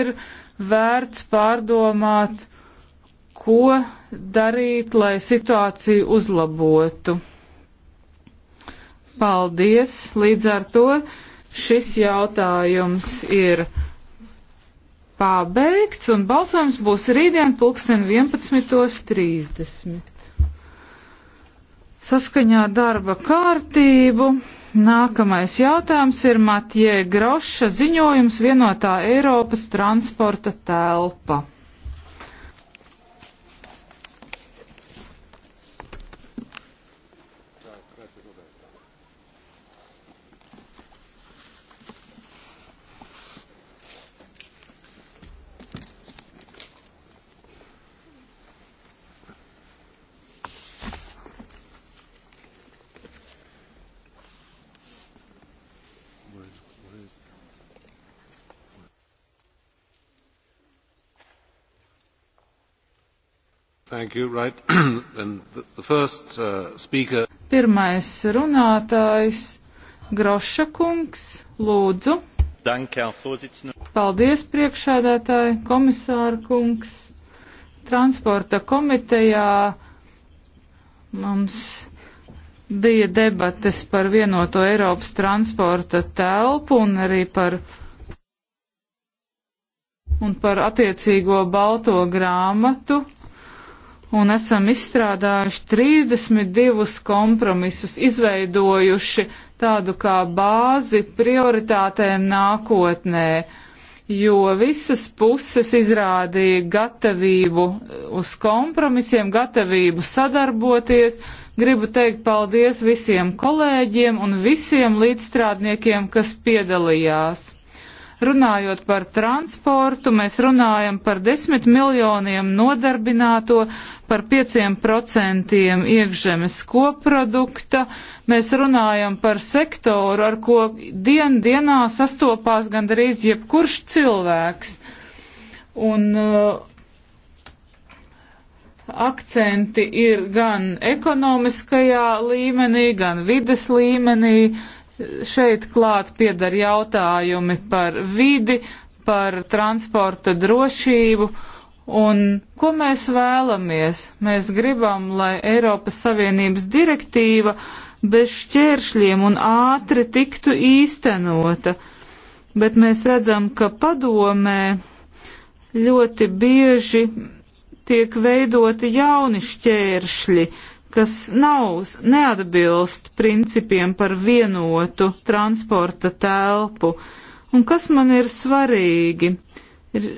ir vērts pārdomāt, ko darīt, lai situāciju uzlabotu. Paldies! Līdz ar to šis jautājums ir pabeigts un balsojums būs rītdien pulksten 11.30. Saskaņā darba kārtību. Nākamais jautājums ir Matjē Groša ziņojums vienotā Eiropas transporta telpa. Right. Uh, speaker... Pirmais runātājs Groša kungs, lūdzu. Danke, Paldies, priekšādātāji, komisāra kungs. Transporta komitejā mums bija debates par vienoto Eiropas transporta telpu un arī par un par attiecīgo balto grāmatu un esam izstrādājuši 32 kompromisus, izveidojuši tādu kā bāzi prioritātēm nākotnē, jo visas puses izrādīja gatavību uz kompromisiem, gatavību sadarboties. Gribu teikt paldies visiem kolēģiem un visiem līdzstrādniekiem, kas piedalījās. Runājot par transportu, mēs runājam par desmit miljoniem nodarbināto, par pieciem procentiem iekšzemes koprodukta. Mēs runājam par sektoru, ar ko dien dienā sastopās gandarīz jebkurš cilvēks. Un, uh, akcenti ir gan ekonomiskajā līmenī, gan vides līmenī, Šeit klāt piedar jautājumi par vidi, par transporta drošību un ko mēs vēlamies. Mēs gribam, lai Eiropas Savienības direktīva bez šķēršļiem un ātri tiktu īstenota, bet mēs redzam, ka padomē ļoti bieži tiek veidoti jauni šķēršļi, kas nav, neatbilst principiem par vienotu transporta telpu. Un kas man ir svarīgi, ir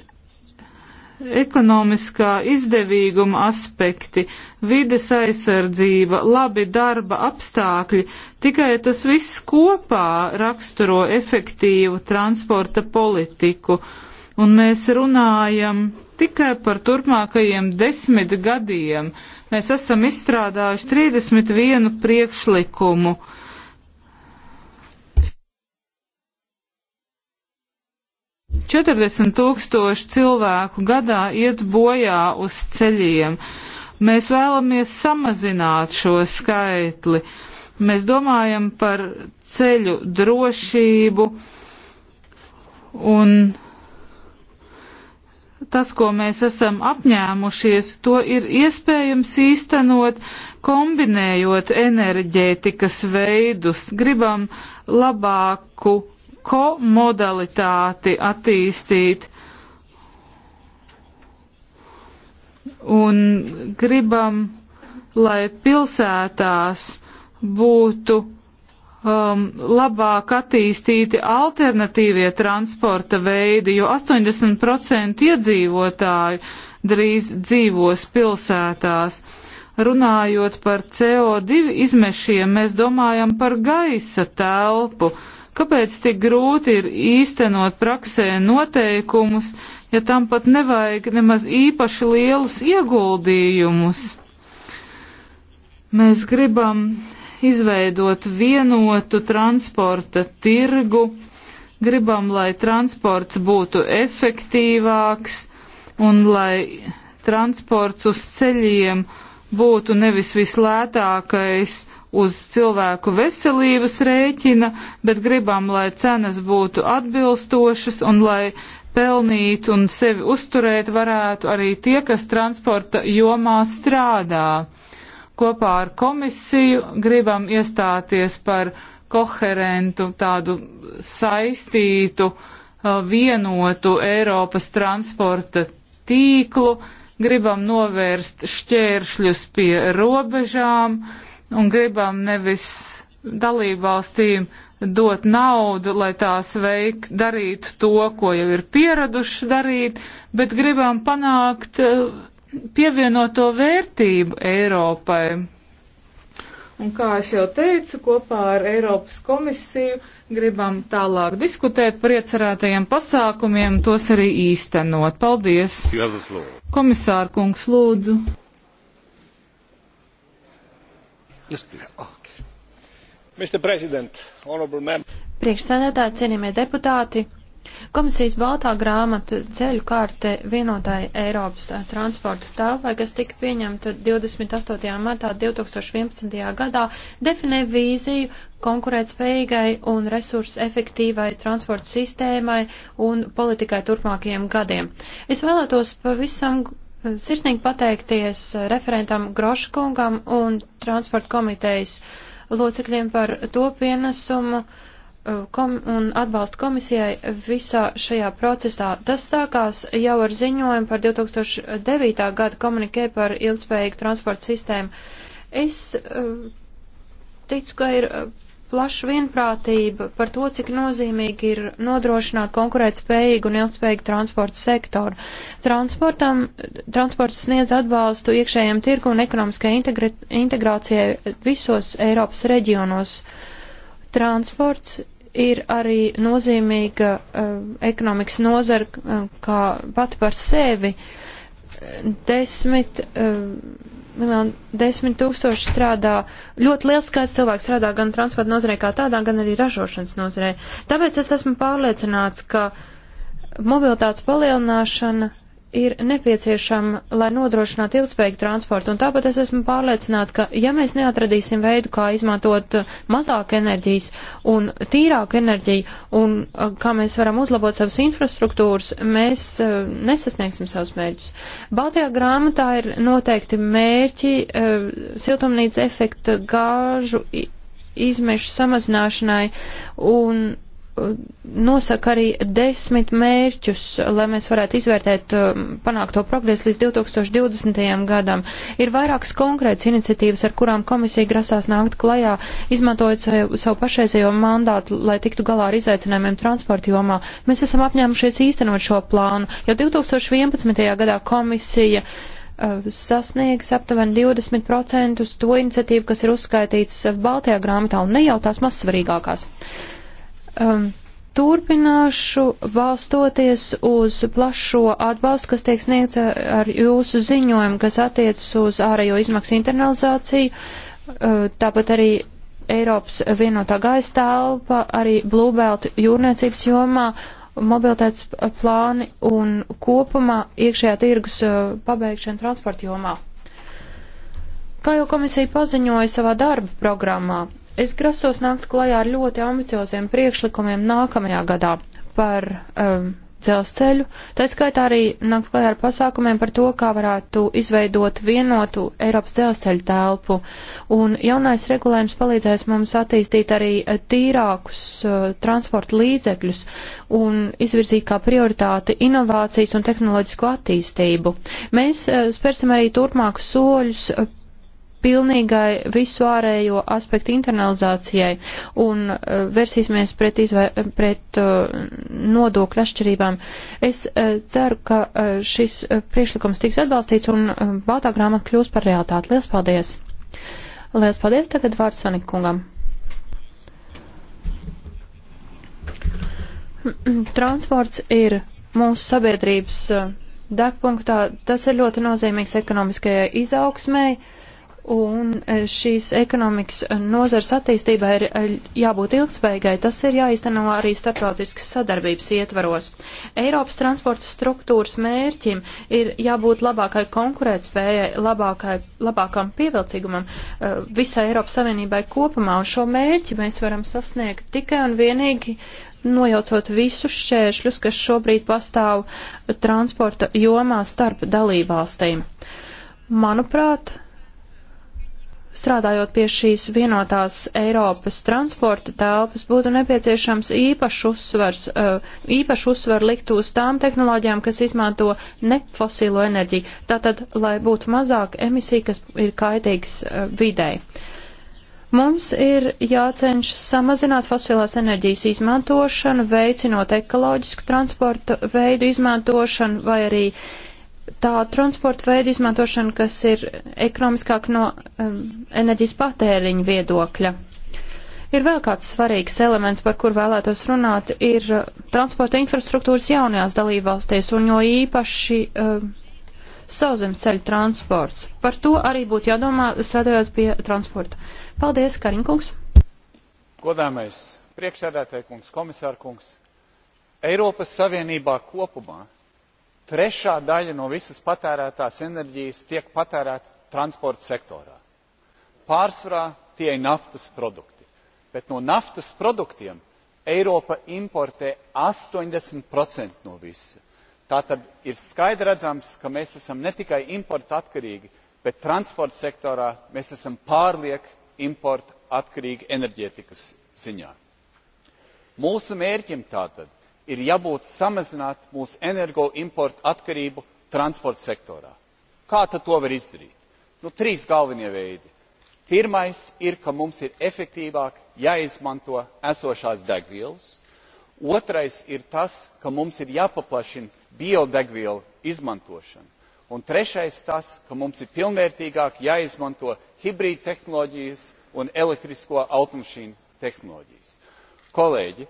ekonomiskā izdevīguma aspekti, vides aizsardzība, labi darba apstākļi, tikai tas viss kopā raksturo efektīvu transporta politiku. Un mēs runājam tikai par turpmākajiem desmit gadiem. Mēs esam izstrādājuši 31 priekšlikumu. Četrdesmit tūkstoši cilvēku gadā iet bojā uz ceļiem. Mēs vēlamies samazināt šo skaitli. Mēs domājam par ceļu drošību un tas, ko mēs esam apņēmušies, to ir iespējams īstenot, kombinējot enerģētikas veidus. Gribam labāku komodalitāti attīstīt un gribam, lai pilsētās būtu um, labāk attīstīti alternatīvie transporta veidi, jo 80% iedzīvotāju drīz dzīvos pilsētās. Runājot par CO2 izmešiem, mēs domājam par gaisa telpu. Kāpēc tik grūti ir īstenot praksē noteikumus, ja tam pat nevajag nemaz īpaši lielus ieguldījumus? Mēs gribam izveidot vienotu transporta tirgu, gribam, lai transports būtu efektīvāks un lai transports uz ceļiem būtu nevis vislētākais uz cilvēku veselības rēķina, bet gribam, lai cenas būtu atbilstošas un lai pelnīt un sevi uzturēt varētu arī tie, kas transporta jomā strādā kopā ar komisiju gribam iestāties par koherentu, tādu saistītu, uh, vienotu Eiropas transporta tīklu, gribam novērst šķēršļus pie robežām un gribam nevis dalībvalstīm dot naudu, lai tās veik, darītu to, ko jau ir pieraduši darīt, bet gribam panākt uh, pievienoto vērtību Eiropai. Un kā es jau teicu, kopā ar Eiropas komisiju gribam tālāk diskutēt par iecerētajiem pasākumiem, tos arī īstenot. Paldies! Komisāra kungs, lūdzu! Yes, okay. Priekšsēdētāji, cienījamie deputāti! Komisijas baltā grāmata ceļu kārte vienotāja Eiropas eh, transporta tālvai, kas tika pieņemta 28. martā 2011. gadā, definē vīziju konkurētspējīgai un resursu efektīvai transporta sistēmai un politikai turpmākajiem gadiem. Es vēlētos pavisam eh, sirsnīgi pateikties eh, referentam Groškungam un transporta komitejas locekļiem par to pienesumu, uh, Uh, kom un atbalstu komisijai visā šajā procesā. Tas sākās jau ar ziņojumu par 2009. gada komunikē par ilgspējīgu transporta sistēmu. Es uh, ticu, ka ir uh, plaša vienprātība par to, cik nozīmīgi ir nodrošināt konkurētspējīgu un ilgspējīgu transporta sektoru. Transportam, transports sniedz atbalstu iekšējiem tirgu un ekonomiskai integrācijai visos Eiropas reģionos. Transports ir arī nozīmīga uh, ekonomikas nozara uh, kā pati par sevi. Desmit, uh, eh, miljonu, desmit tūkstoši strādā, ļoti liels skaits cilvēku strādā gan transporta nozarē kā tādā, gan arī ražošanas nozarē. Tāpēc es esmu pārliecināts, ka mobilitātes palielināšana ir nepieciešama, lai nodrošinātu ilgspējīgu transportu, un tāpat es esmu pārliecināts, ka ja mēs neatradīsim veidu, kā izmantot mazāk enerģijas un tīrāku enerģiju, un kā mēs varam uzlabot savas infrastruktūras, mēs uh, nesasniegsim savus mērķus. Baltajā grāmatā ir noteikti mērķi uh, siltumnīca efekta gāžu izmešu samazināšanai, un nosaka arī desmit mērķus, lai mēs varētu izvērtēt um, panākto progresu līdz 2020. gadam. Ir vairākas konkrētas iniciatīvas, ar kurām komisija grasās nākt klajā, izmantojot savu, savu pašreizējo mandātu, lai tiktu galā ar izaicinājumiem transporta jomā. Mēs esam apņēmušies īstenot šo plānu. Jau 2011. gadā komisija uh, sasniegs aptuveni 20% to iniciatīvu, kas ir uzskaitīts Baltijā grāmatā un ne jau tās mazsvarīgākās. svarīgākās. Um, turpināšu balstoties uz plašo atbalstu, kas tiek sniegts ar jūsu ziņojumu, kas attiecas uz ārējo izmaksu internalizāciju, uh, tāpat arī Eiropas vienotā gaisa telpa, arī blūbelt jūrniecības jomā, mobilitātes plāni un kopumā iekšējā tirgus uh, pabeigšana transporta jomā. Kā jau komisija paziņoja savā darba programmā, Es grasos nākt klajā ar ļoti ambicioziem priekšlikumiem nākamajā gadā par um, dzelzceļu. Tā skaitā arī nākt klajā ar pasākumiem par to, kā varētu izveidot vienotu Eiropas dzelzceļu telpu. Un jaunais regulējums palīdzēs mums attīstīt arī eh, tīrākus uh, transporta līdzekļus un izvirzīt kā prioritāti inovācijas un tehnoloģisko attīstību. Mēs uh, spērsim arī turpmākus soļus. Uh, pilnīgai visu ārējo aspektu internalizācijai un uh, versīsimies pret, izvē, pret uh, nodokļu atšķirībām. Es uh, ceru, ka uh, šis uh, priekšlikums tiks atbalstīts un uh, Baltā grāmata kļūs par realitāti. Lielas paldies! Lielas paldies! Tagad vārds Sonikungam. Transports ir mūsu sabiedrības uh, degpunktā. Tas ir ļoti nozīmīgs ekonomiskajai izaugsmēji Un e, šīs ekonomikas nozars attīstībai ir e, jābūt ilgspējīgai. Tas ir jāizteno arī starptautiskas sadarbības ietvaros. Eiropas transporta struktūras mērķim ir jābūt labākai konkurētspējai, labākai, labākam pievilcīgumam e, visai Eiropas Savienībai kopumā. Un šo mērķi mēs varam sasniegt tikai un vienīgi nojaucot visus šķēršļus, kas šobrīd pastāv transporta jomā starp dalībvalstīm. Manuprāt, strādājot pie šīs vienotās Eiropas transporta telpas, būtu nepieciešams īpašs uzsvars, eh, īpaši uzsvar likt uz tām tehnoloģijām, kas izmanto nefosilo enerģiju. Tātad, lai būtu mazāk emisija, kas ir kaitīgs eh, videi. Mums ir jācenšas samazināt fosilās enerģijas izmantošanu, veicinot ekoloģisku transporta veidu izmantošanu vai arī uh, tā transporta veida izmantošana, kas ir ekonomiskāk no um, enerģijas patēriņa viedokļa. Ir vēl kāds svarīgs elements, par kur vēlētos runāt, ir uh, transporta infrastruktūras jaunajās dalībvalstīs un jo īpaši um, sauzemes ceļu transports. Par to arī būtu jādomā strādājot pie transporta. Paldies, Karinkungs. Godāmais priekšsēdētāji kungs, komisāra kungs. Eiropas Savienībā kopumā trešā daļa no visas patērētās enerģijas tiek patērēta transporta sektorā. pārsvarā tie ir naftas produkti bet no naftas produktiem eiropa importē astoņdesmit no visa. tātad ir skaidri redzams ka mēs esam ne tikai importa atkarīgi bet transporta sektorā mēs esam pārlieku importa atkarīgi enerģētikas ziņā. mūsu mērķim tātad ir jābūt samazināt mūsu energoimporta atkarību transporta sektorā. Kā tad to var izdarīt? Nu, trīs galvenie veidi. Pirmais ir, ka mums ir efektīvāk jāizmanto esošās degvielas. Otrais ir tas, ka mums ir jāpaplašina biodegvielu izmantošana. Un trešais tas, ka mums ir pilnvērtīgāk jāizmanto hibrīdtehnoloģijas un elektrisko automašīnu tehnoloģijas. Kolēģi,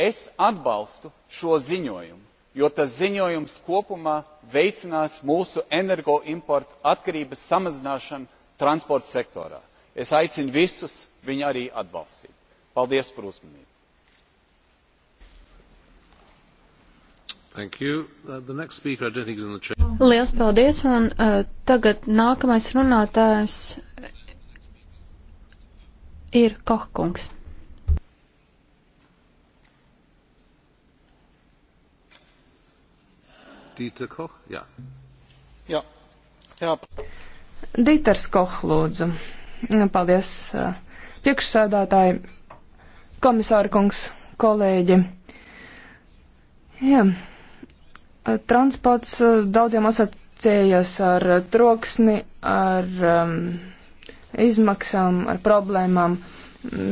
es atbalstu šo ziņojumu jo tas ziņojums kopumā veicinās mūsu energoimporta atkarības samazināšanu transporta sektorā. es aicinu visus viņu arī atbalstīt. paldies par uzmanību! Uh, Liels paldies, un uh, tagad nākamais runātājs ir Kohkungs. Dīter Koch, jā. Jā. jā. Dīters Koch, lūdzu. Paldies, priekšsēdātāji, komisāra kungs, kolēģi. Jā. Transports daudziem asociējas ar troksni, ar um, izmaksām, ar problēmām,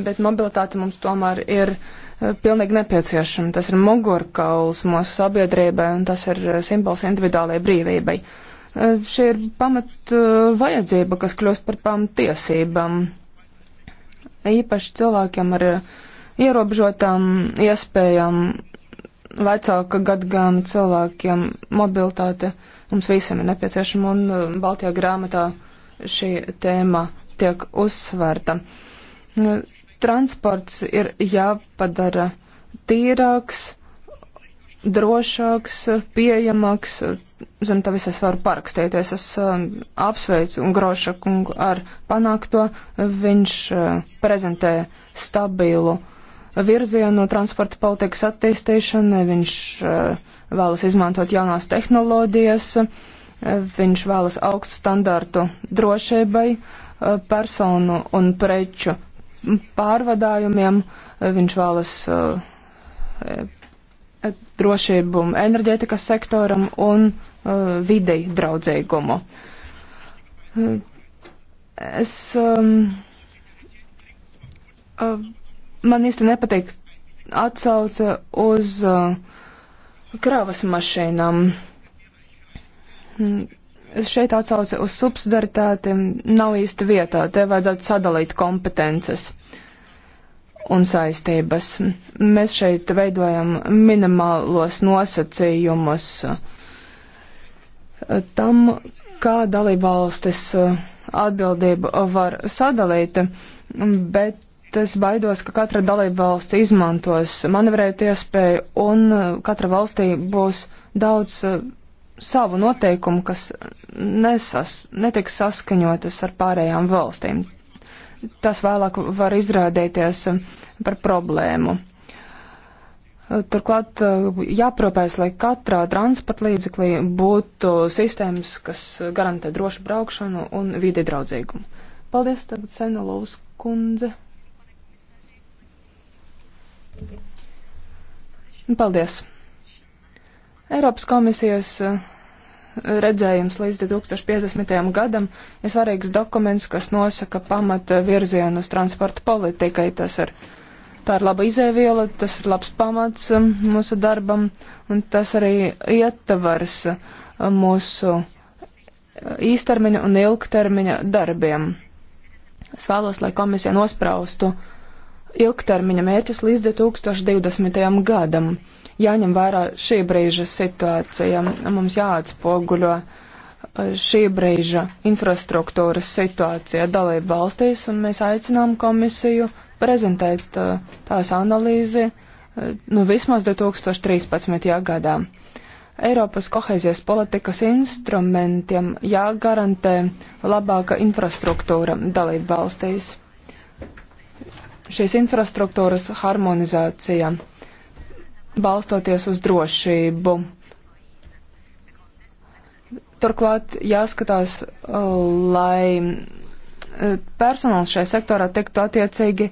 bet mobilitāte mums tomēr ir uh, Eh, pilnīgi nepieciešama. Tas ir mugurkauls mūsu sabiedrībai un tas ir eh, simbols individuālajai brīvībai. Eh, šī ir pamat vajadzība, kas kļūst par pamatiesībām. Īpaši cilvēkiem ar ierobežotām iespējām, vecāka gadgājuma cilvēkiem mobilitāte mums visiem ir nepieciešama un Baltijā grāmatā šī tēma tiek uzsvērta. Transports ir jāpadara tīrāks, drošāks, pieejamāks. Zem tā visas var parakstīties. Es um, apsveicu Groša kungu ar panākto. Viņš uh, prezentē stabilu virzienu transporta politikas attīstīšanai. Viņš uh, vēlas izmantot jaunās tehnoloģijas. Uh, viņš vēlas augstu standārtu drošībai, uh, personu un preču pārvadājumiem, viņš vēlas uh, e, e, drošību enerģētikas sektoram un uh, videi draudzīgumu. Uh, es, um, man īsti nepatīk atsauce uz kravas mašīnām hmm šeit atsauce uz subsidaritāti nav īsti vietā. Te vajadzētu sadalīt kompetences un saistības. Mēs šeit veidojam minimālos nosacījumus eh, tam, kā dalībvalstis eh, atbildību var sadalīt, bet es baidos, ka katra dalībvalsts izmantos manevrēt iespēju un eh, katra valstī būs daudz savu noteikumu, kas nesas, netiks saskaņotas ar pārējām valstīm. Tas vēlāk var izrādīties par problēmu. Turklāt jāpropēs, lai katrā transporta līdzeklī būtu sistēmas, kas garantē drošu braukšanu un vidi draudzīgumu. Paldies, tagad Senelovs kundze. Paldies. Eiropas komisijas redzējums līdz 2050. gadam ir svarīgs dokuments, kas nosaka pamata virzienus transporta politikai. Tas ir, tā ir laba izēviela, tas ir labs pamats um, mūsu darbam, un tas arī ietvars um, mūsu uh, īstermiņa un ilgtermiņa darbiem. Es vēlos, lai komisija nospraustu ilgtermiņa mērķus līdz 2020. gadam jāņem vērā šī brīža situācija. Mums jāatspoguļo uh, šī brīža infrastruktūras situācija dalība valstīs, un mēs aicinām komisiju prezentēt uh, tās analīzi uh, nu, vismaz 2013. gadā. Eiropas kohēzijas politikas instrumentiem jāgarantē labāka infrastruktūra dalību valstīs. Šīs infrastruktūras harmonizācija balstoties uz drošību. Turklāt jāskatās, uh, lai uh, personāls šajā sektorā tiktu attiecīgi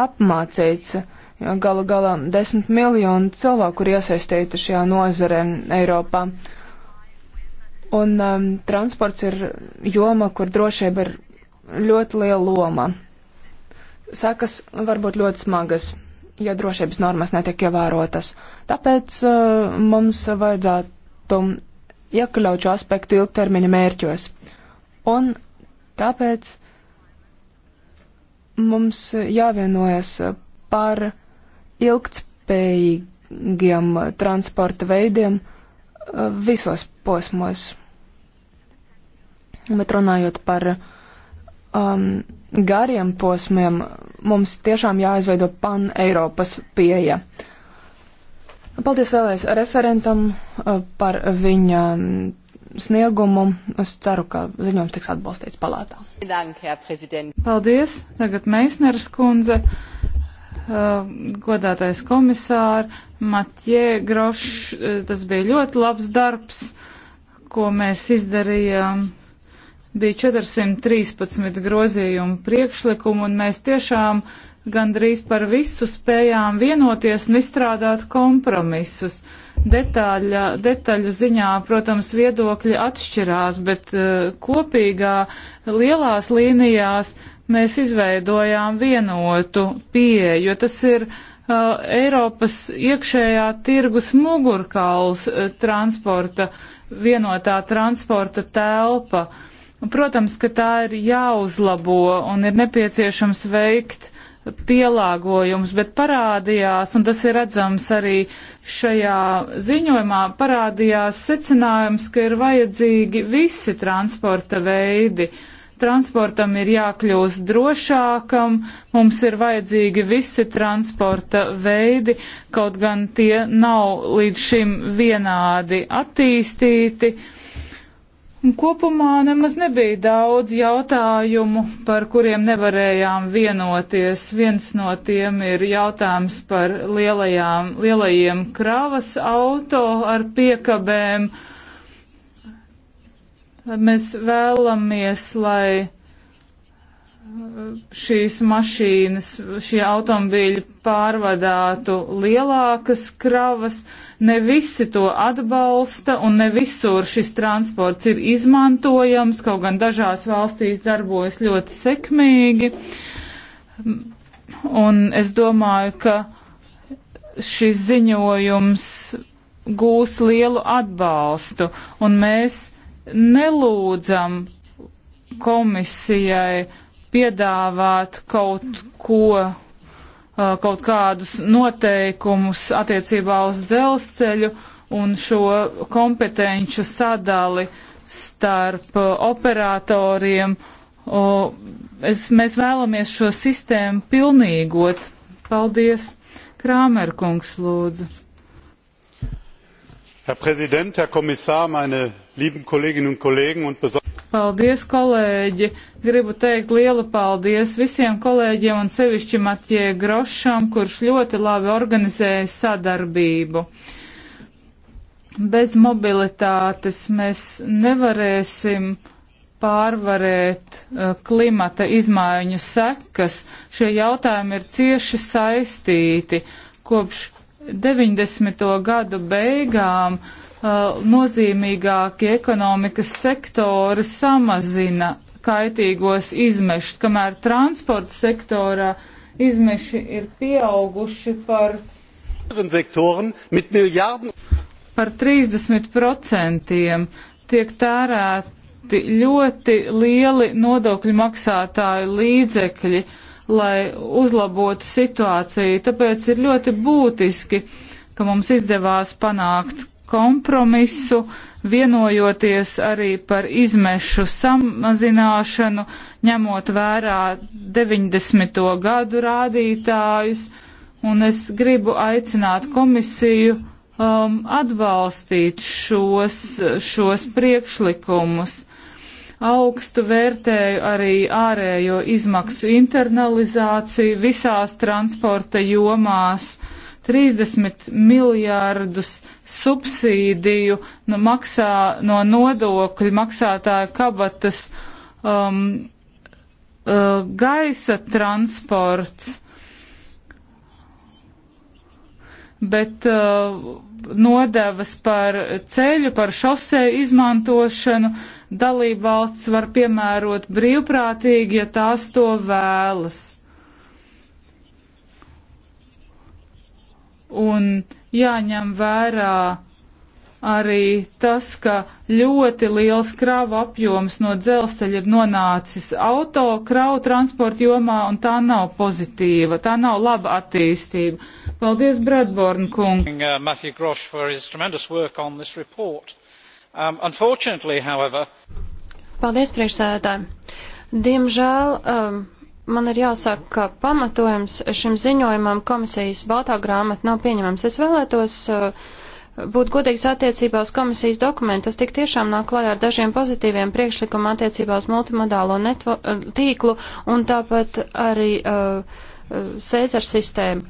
apmācīts. Galu galā desmit miljonu cilvēku ir iesaistīti šajā nozare Eiropā. Un um, transports ir joma, kur drošība ir ļoti liela loma. Sekas var būt ļoti smagas ja drošības normas netiek ievērotas. Tāpēc uh, mums vajadzētu iekļaut šo aspektu ilgtermiņa mērķos. Un tāpēc mums jāvienojas par ilgtspējīgiem transporta veidiem eh, visos posmos. Bet runājot par um, gariem posmiem, mums tiešām jāizveido pan-Eiropas pieeja. Paldies vēlreiz referentam uh, par viņa um, sniegumu. Es ceru, ka ziņojums tiks atbalstīts palātā. Paldies. Tagad Meisneras kundze, uh, godātais komisāri, Matjē Grošs. Uh, tas bija ļoti labs darbs, ko mēs izdarījām bija 413 grozījumu priekšlikumu, un mēs tiešām gandrīz par visu spējām vienoties un izstrādāt kompromisus. Detaļa, detaļu ziņā, protams, viedokļi atšķirās, bet uh, kopīgā lielās līnijās mēs izveidojām vienotu pieeju, jo tas ir uh, Eiropas iekšējā tirgus mugurkauls uh, transporta, vienotā transporta telpa. Uh, Un, protams, ka tā ir jāuzlabo un ir nepieciešams veikt pielāgojums, bet parādījās, un tas ir redzams arī šajā ziņojumā, parādījās secinājums, ka ir vajadzīgi visi transporta veidi. Transportam ir jākļūst drošākam, mums ir vajadzīgi visi transporta veidi, kaut gan tie nav līdz šim vienādi attīstīti Un kopumā nemaz nebija daudz jautājumu, par kuriem nevarējām vienoties. Viens no tiem ir jautājums par lielajām, lielajiem kravas auto ar piekabēm. Mēs vēlamies, lai šīs mašīnas, šie automobīļi pārvadātu lielākas kravas. Uh, Ne visi to atbalsta un ne visur šis transports ir izmantojams, kaut gan dažās valstīs darbojas ļoti sekmīgi. Un es domāju, ka šis ziņojums gūs lielu atbalstu, un mēs nelūdzam komisijai piedāvāt kaut ko kaut kādus noteikumus attiecībā uz dzelzceļu un šo kompetenču sadali starp operatoriem. Es, mēs vēlamies šo sistēmu pilnīgot. Paldies! Krāmerkungs lūdzu. Herr Präsident, Herr Kommissar, meine lieben Kolleginnen und Kollegen und Paldies, kolēģi! Gribu teikt lielu paldies visiem kolēģiem un sevišķi Matjē Grošam, kurš ļoti labi organizēja sadarbību. Bez mobilitātes mēs nevarēsim pārvarēt uh, klimata izmaiņu sekas. Šie jautājumi ir cieši saistīti. Kopš 90. gadu beigām uh, Uh, nozīmīgākie ekonomikas sektori samazina kaitīgos izmešus, kamēr transporta sektorā izmeši ir pieauguši par, par 30%. Tiek tērēti ļoti lieli nodokļu maksātāju līdzekļi, lai uzlabotu situāciju. Tāpēc ir ļoti būtiski, ka mums izdevās panākt kompromisu, vienojoties arī par izmešu samazināšanu, ņemot vērā 90. gadu rādītājus, un es gribu aicināt komisiju um, atbalstīt šos, šos priekšlikumus. Augstu vērtēju arī ārējo izmaksu internalizāciju visās transporta jomās. Uh, 30 miljārdus subsīdiju nu, maksā no nodokļu maksātāja kabatas um, uh, gaisa transports. Bet uh, nodevas par ceļu, par šosei izmantošanu dalībvalsts var piemērot brīvprātīgi, ja tās to vēlas. un jāņem vērā arī tas, ka ļoti liels krava apjoms no dzelzceļa ir nonācis auto kravu transporta jomā, un tā nav pozitīva, tā nav laba attīstība. Paldies, Bradborn kungs. Uh, um, unfortunately, however. Paldies, priekšsēdētāji. Diemžēl um, man ir jāsaka, ka pamatojums šim ziņojumam komisijas baltā grāmata nav pieņemams. Es vēlētos uh, būt godīgs attiecībā uz komisijas dokumentu. Tas tik tiešām nāk klajā ar dažiem pozitīviem priekšlikumu attiecībā uz multimodālo netvo, uh, tīklu un tāpat arī uh, uh, Cēzara sistēmu.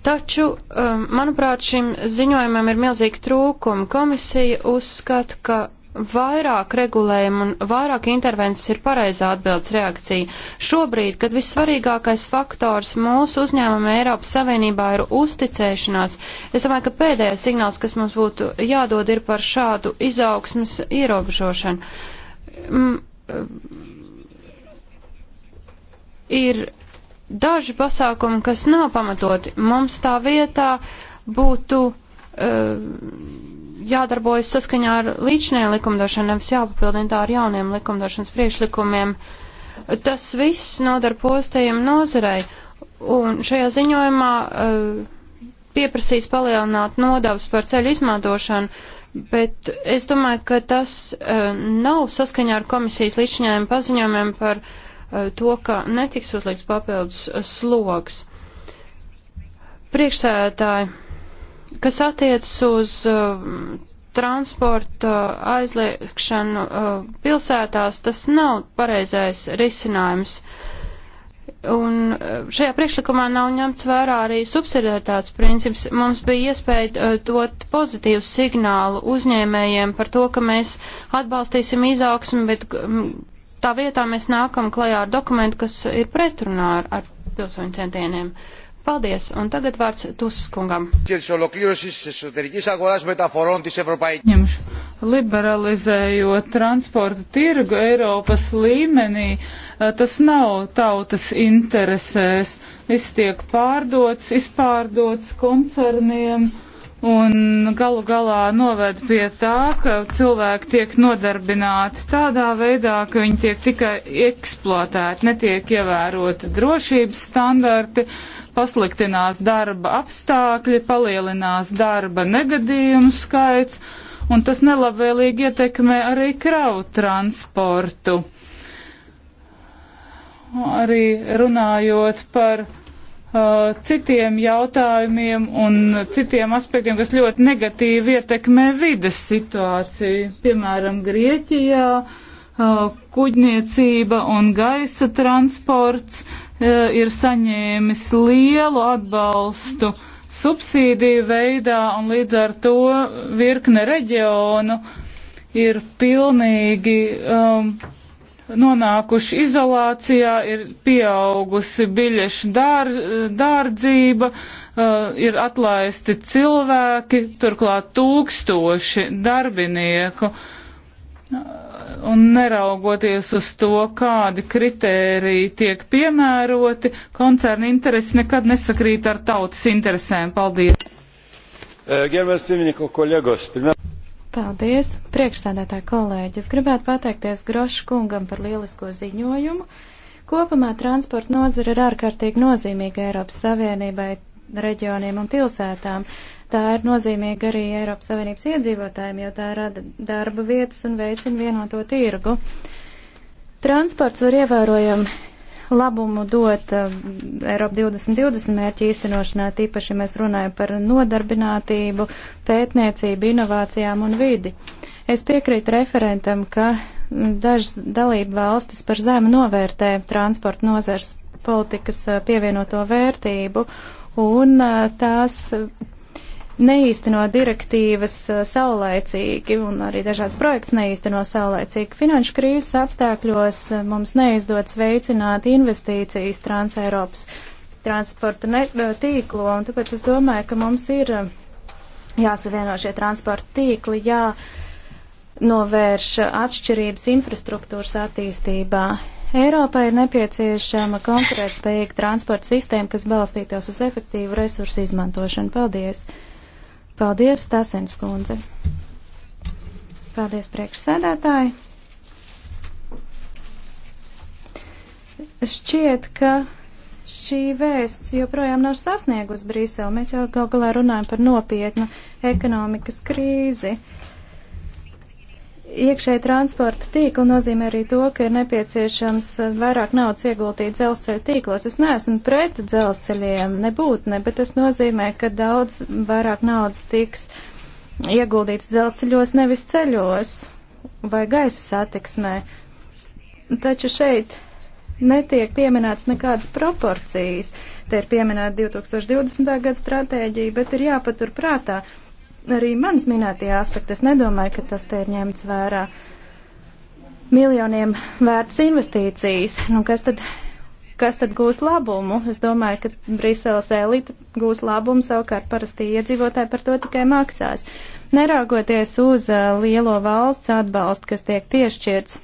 Taču, um, manuprāt, šim ziņojumam ir milzīgi trūkumi. Komisija uzskata, ka Vairāk regulējumu un vairāk intervences ir pareizā atbildes reakcija. Šobrīd, kad vissvarīgākais faktors mūsu uzņēmuma Eiropas Savienībā ir uzticēšanās, es domāju, ka pēdējais signāls, kas mums būtu jādod, ir par šādu izaugsmas ierobežošanu. Ir daži pasākumi, kas nav pamatoti. Mums tā vietā būtu. Uh, jādarbojas saskaņā ar līdzinēju likumdošanu, nevis jāpapildina tā ar jauniem likumdošanas priekšlikumiem. Tas viss nodara postējiem nozarei, un šajā ziņojumā uh, pieprasīs palielināt nodavas par ceļu izmantošanu, bet es domāju, ka tas uh, nav saskaņā ar komisijas līdzinējumu paziņojumiem par uh, to, ka netiks uzlikts papildus sloks. Priekšsēdētāji Kas attiecas uz uh, transporta aizliekšanu uh, pilsētās, tas nav pareizais risinājums. Un uh, šajā priekšlikumā nav ņemts vērā arī subsidiaritātes princips. Mums bija iespēja uh, dot pozitīvu signālu uzņēmējiem par to, ka mēs atbalstīsim izaugsmu, bet um, tā vietā mēs nākam klajā ar dokumentu, kas ir pretrunā ar, ar pilsoņu centieniem. Uh, Paldies, un tagad vārds Tuskungam. Ņemšu. Liberalizējot transporta tirgu Eiropas līmenī, tas nav tautas interesēs. Viss tiek pārdots, izpārdots koncerniem un galu galā noved pie tā, ka cilvēki tiek nodarbināti tādā veidā, ka viņi tiek tikai eksploatēti, netiek ievēroti drošības standarti, pasliktinās darba apstākļi, palielinās darba negadījumu skaits, un tas nelabvēlīgi ietekmē arī kravu transportu. Arī runājot par Uh, citiem jautājumiem un citiem aspektiem, kas ļoti negatīvi ietekmē vides situāciju. Piemēram, Grieķijā uh, kuģniecība un gaisa transports uh, ir saņēmis lielu atbalstu subsīdiju veidā un līdz ar to virkne reģionu ir pilnīgi um, nonākuši izolācijā, ir pieaugusi biļešu dār, dārdzība, eh, ir atlaisti cilvēki, turklāt tūkstoši darbinieku. Un neraugoties uz to, kādi kritēriji tiek piemēroti, koncerna interesi nekad nesakrīt ar tautas interesēm. Paldies! Eh, gerbiamas pirmininko kolegos, pirmiausia. Paldies, priekšstādātā kolēģi. Es gribētu pateikties Grošu kungam par lielisko ziņojumu. Kopumā transporta nozara ir ārkārtīgi nozīmīga Eiropas Savienībai, reģioniem un pilsētām. Tā ir nozīmīga arī Eiropas Savienības iedzīvotājiem, jo tā rada darba vietas un veicina vienoto tirgu. Transports var ievērojami labumu dot eh, Eiropa 2020 mērķi īstenošanā, tīpaši mēs runājam par nodarbinātību, pētniecību, inovācijām un vidi. Es piekrītu referentam, ka dažas dalību valstis par zemu novērtē transporta nozars politikas eh, pievienoto vērtību un eh, tās neīsteno direktīvas uh, saulēcīgi un arī dažāds projekts neīsteno saulēcīgi. Finanšu krīzes apstākļos uh, mums neizdodas veicināt investīcijas Transeiropas transporta ne, uh, tīklo, un tāpēc es domāju, ka mums ir jāsavieno šie transporta tīkli, jā novērš atšķirības infrastruktūras attīstībā. Eiropai ir nepieciešama konkurētspējīga transporta sistēma, kas balstītos uz efektīvu resursu izmantošanu. Paldies! Paldies, Tasens kundze. Paldies, priekšsēdētāji. Šķiet, ka šī vēsts joprojām nav sasniegusi Brīseli. Mēs jau gal galā runājam par nopietnu ekonomikas krīzi. Uh, Iekšēji transporta tīkli nozīmē arī to, ka ir nepieciešams eh, vairāk naudas ieguldīt dzelzceļa tīklos. Es neesmu pret dzelzceļiem, nebūtne, bet tas nozīmē, ka daudz vairāk naudas tiks ieguldīts dzelzceļos, nevis ceļos vai gaisa satiksmē. Taču šeit netiek pieminēts nekādas proporcijas. Te ir pieminēta 2020. gada stratēģija, bet ir jāpatur prātā, arī manas minētie aspekti. Es nedomāju, ka tas te ir ņemts vērā miljoniem vērts investīcijas. Nu, kas tad, kas tad gūs labumu? Es domāju, ka Briseles elita gūs labumu, savukārt parasti iedzīvotāji par to tikai maksās. Neraugoties uz uh, lielo valsts atbalstu, kas tiek piešķirts,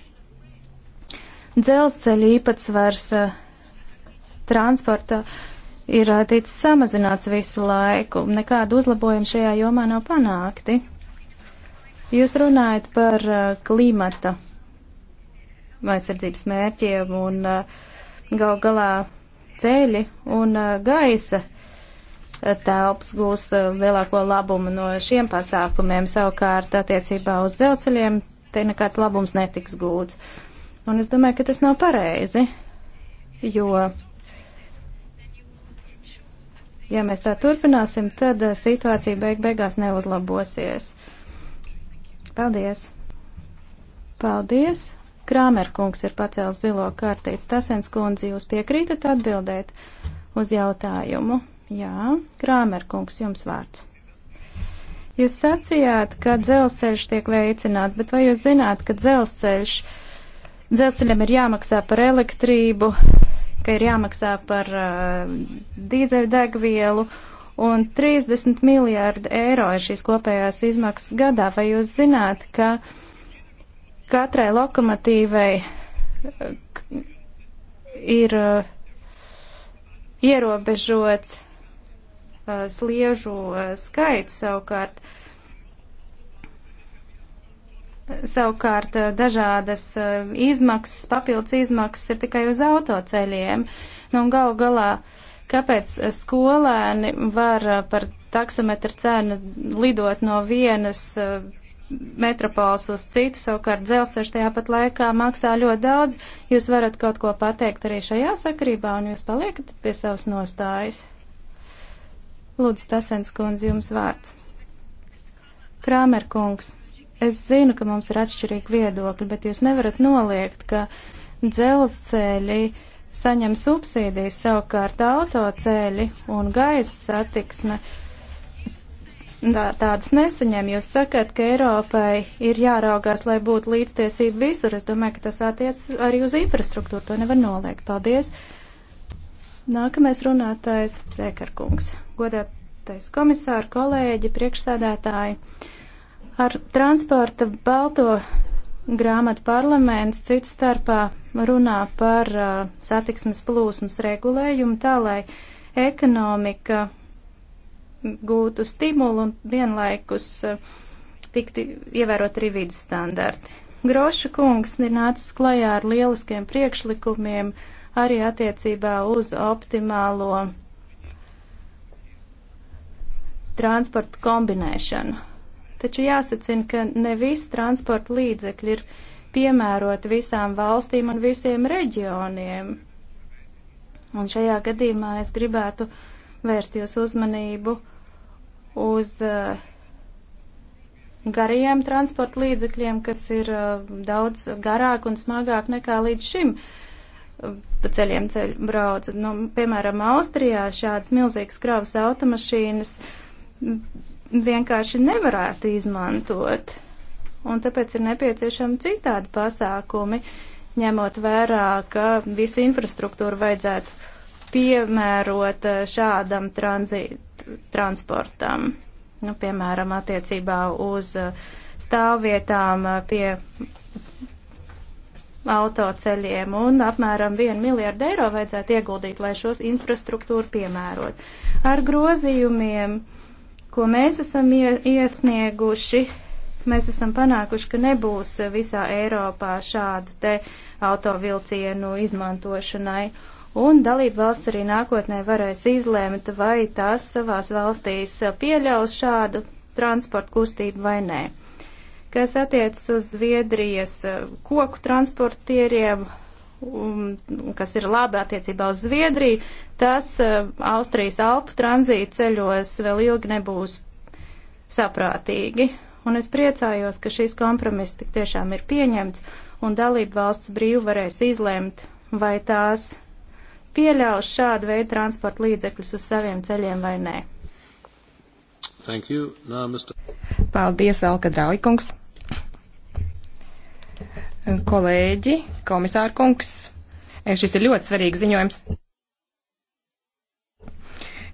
dzelzceļa īpatsvars uh, transporta uh, ir ticis samazināts visu laiku. Nekādu uzlabojumu šajā jomā nav panākti. Jūs runājat par klimata aizsardzības mērķiem un gal galā ceļi un gaisa telps gūs lielāko labumu no šiem pasākumiem. Savukārt attiecībā uz dzelceļiem te nekāds labums netiks gūts. Un es domāju, ka tas nav pareizi, jo Ja mēs tā turpināsim, tad eh, situācija beig beigās neuzlabosies. Paldies! Paldies! Krāmerkungs ir pacēlis zilo kartītes. Tasens kundze, jūs piekrītat atbildēt uz jautājumu? Jā, Krāmerkungs, jums vārds. Jūs sacījāt, ka dzelzceļš tiek veicināts, bet vai jūs zināt, ka dzelzceļš, dzelzceļam ir jāmaksā par elektrību, ka ir jāmaksā par uh, dīzeļdegvielu. Un 30 miljārdi eiro ir šīs kopējās izmaksas gadā. Vai jūs zināt, ka katrai lokomotīvai eh, ir uh, ierobežots uh, sliežu uh, skaits savukārt? Uh, Savukārt eh, dažādas eh, izmaksas, papildus izmaksas ir tikai uz autoceļiem. Nu, gal galā, kāpēc skolēni var eh, par taksometru cenu lidot no vienas metropols uz citu, savukārt dzelzceļš tajā pat laikā maksā ļoti daudz. Jūs varat kaut ko pateikt arī šajā sakarībā, un jūs paliekat pie savas nostājas. Lūdzu, Tasens kundze, jums vārds. Krāmer kungs. Es zinu, ka mums ir atšķirīgi viedokļi, bet jūs nevarat noliegt, ka dzelzceļi saņem subsīdijas, savukārt autoceļi un gaisa satiksme tā, tādas nesaņem. Jūs sakat, ka Eiropai ir jāraugās, lai būtu līdztiesība visur. Es domāju, ka tas attiec arī uz infrastruktūru. To nevar noliegt. Paldies. Nākamais runātājs Rēkarkungs. Godātais komisāri, kolēģi, priekšsēdētāji. Ar transporta balto grāmatu parlaments cits starpā runā par uh, satiksmes plūsmas regulējumu tā, lai ekonomika gūtu stimulu un vienlaikus uh, tiktu ievērot arī vidas standarti. Groša kungs ir nācis klajā ar lieliskiem priekšlikumiem arī attiecībā uz optimālo transporta kombinēšanu Taču jāsacina, ka ne visi transporta līdzekļi ir piemēroti visām valstīm un visiem reģioniem. Un šajā gadījumā es gribētu vērst jūs uzmanību uz uh, garajiem transporta līdzekļiem, kas ir uh, daudz garāk un smagāk nekā līdz šim uh, pa ceļiem ceļ brauc. Nu, piemēram, Austrijā šādas milzīgas kravas automašīnas vienkārši nevarētu izmantot. Un tāpēc ir nepieciešami citādi pasākumi, ņemot vērā, ka visu infrastruktūru vajadzētu piemērot eh, šādam tranzītu transportam. Nu, piemēram, attiecībā uz eh, stāvvietām eh, pie autoceļiem un apmēram 1 miljārdu eiro vajadzētu ieguldīt, lai šos infrastruktūru piemērot. Ar grozījumiem uh, ko mēs esam iesnieguši, mēs esam panākuši, ka nebūs visā Eiropā šādu te autovilcienu izmantošanai. Un dalība valsts arī nākotnē varēs izlēmt, vai tās savās valstīs pieļaus šādu transportu kustību vai nē. Kas attiecas uz Viedrijas koku transportieriem, Um, kas ir labi attiecībā uz Zviedriju, tas uh, Austrijas Alpu tranzīta ceļos vēl ilgi nebūs saprātīgi. Un es priecājos, ka šīs kompromiss tik tiešām ir pieņemts un dalība valsts brīvi varēs izlemt, vai tās pieļaus šādu veidu transporta līdzekļus uz saviem ceļiem vai nē. Thank you. Now, Mr. Paldies, Alka Drauikungs kolēģi, komisārkungs. Šis ir ļoti svarīgs ziņojums.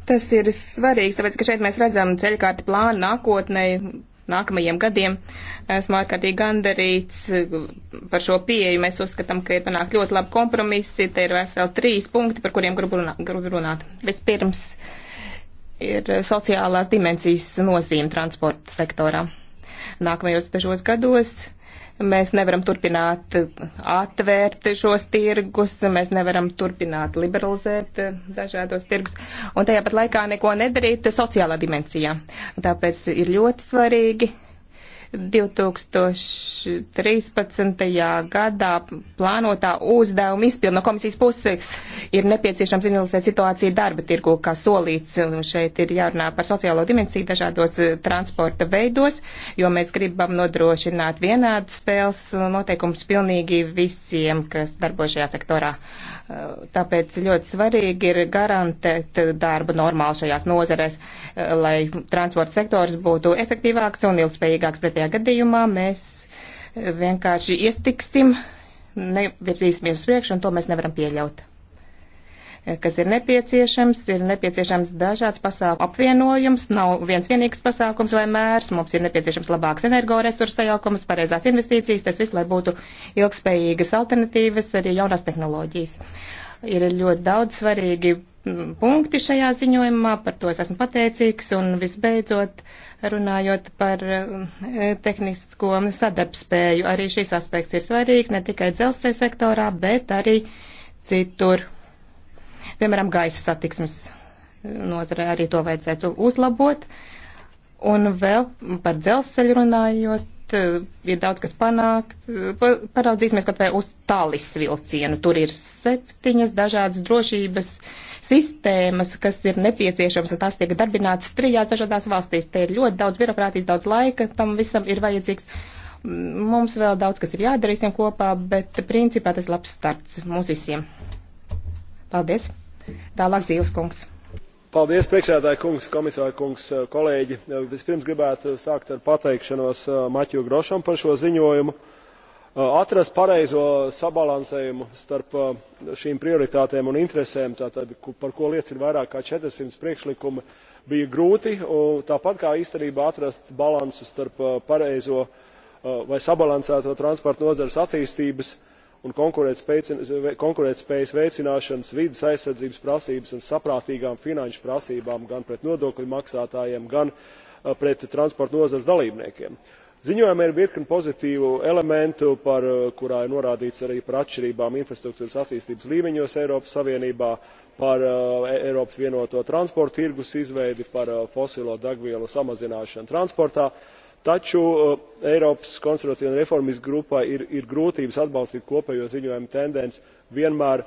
Tas ir svarīgs, tāpēc, ka šeit mēs redzam ceļkārti plānu nākotnē, nākamajiem gadiem. Esmu ārkārtīgi gandarīts par šo pieeju. Mēs uzskatām, ka ir panākt ļoti labi kompromisi. Te ir vēl trīs punkti, par kuriem gribu runāt. Gribu runāt. Vispirms ir sociālās dimensijas nozīme transporta sektorā. Nākamajos dažos gados Mēs nevaram turpināt atvērt šos tirgus, mēs nevaram turpināt liberalizēt dažādos tirgus un tajā pat laikā neko nedarīt sociālā dimensijā. Tāpēc ir ļoti svarīgi 2013. gadā plānotā uzdevuma izpildu no komisijas puses ir nepieciešams analizēt situāciju darba tirgu, kā solīts. Šeit ir jārunā par sociālo dimensiju dažādos eh, transporta veidos, jo mēs gribam nodrošināt vienādu spēles noteikumus pilnīgi visiem, kas darbo šajā sektorā. Tāpēc ļoti svarīgi ir garantēt darba normālu šajās nozarēs, lai transporta sektors būtu efektīvāks un ilgspējīgāks. Pretējā gadījumā mēs vienkārši iestiksim, nevirzīsimies uz priekšu, un to mēs nevaram pieļaut kas ir nepieciešams. Ir nepieciešams dažāds pasākumu apvienojums, nav viens vienīgs pasākums vai mērs. Mums ir nepieciešams labāks energoresursu sajaukums, pareizās investīcijas, tas viss, lai būtu ilgspējīgas alternatīvas, arī jaunās tehnoloģijas. Ir ļoti daudz svarīgi mm, punkti šajā ziņojumā, par to es esmu pateicīgs, un visbeidzot, runājot par mm, e, tehnisko sadarbspēju, arī šis aspekts ir svarīgs ne tikai dzelzceļa sektorā, bet arī citur. Piemēram, gaisa satiksmes nozare arī to vajadzētu uzlabot. Un vēl par dzelzceļu runājot, eh, ir daudz kas panākt. Paraudzīsimies kaut vai uz talis vilcienu. Tur ir septiņas dažādas drošības sistēmas, kas ir nepieciešamas, un tās tiek darbinātas trijās dažādās valstīs. Te ir ļoti daudz birokrātijas, daudz laika, tam visam ir vajadzīgs. Mums vēl daudz kas ir jādara visiem kopā, bet principā tas ir labs starts mums visiem. Paldies. Tālāk Zīles kungs. Paldies, priekšsēdētāji kungs, komisāri kungs, eh, kolēģi. Eh, vispirms gribētu sākt ar pateikšanos eh, Maķu Grošam par šo ziņojumu atrast pareizo sabalansējumu starp šīm prioritātēm un interesēm tātad, par ko liecina vairāk kā 400 priekšlikumi, bija grūti, tāpat kā īstenībā atrast balansu starp pareizo vai sabalansēto transporta nozares attīstības uh, un konkurētspējas veicināšanas vides aizsardzības prasības un saprātīgām finanšu prasībām gan pret nodokļu maksātājiem gan uh, pret transporta nozares dalībniekiem. ziņojumā ir virkne pozitīvu elementu uh, kurā ir norādīts arī par atšķirībām infrastruktūras attīstības līmeņos eiropas savienībā par uh, e, eiropas vienoto transporta tirgus izveidi par fosilo degvielu samazināšanu transportā taču eh, eiropas konservatīvajai un reformistu grupai ir, ir grūtības atbalstīt kopējo ziņojumu tendenci vienmēr eh,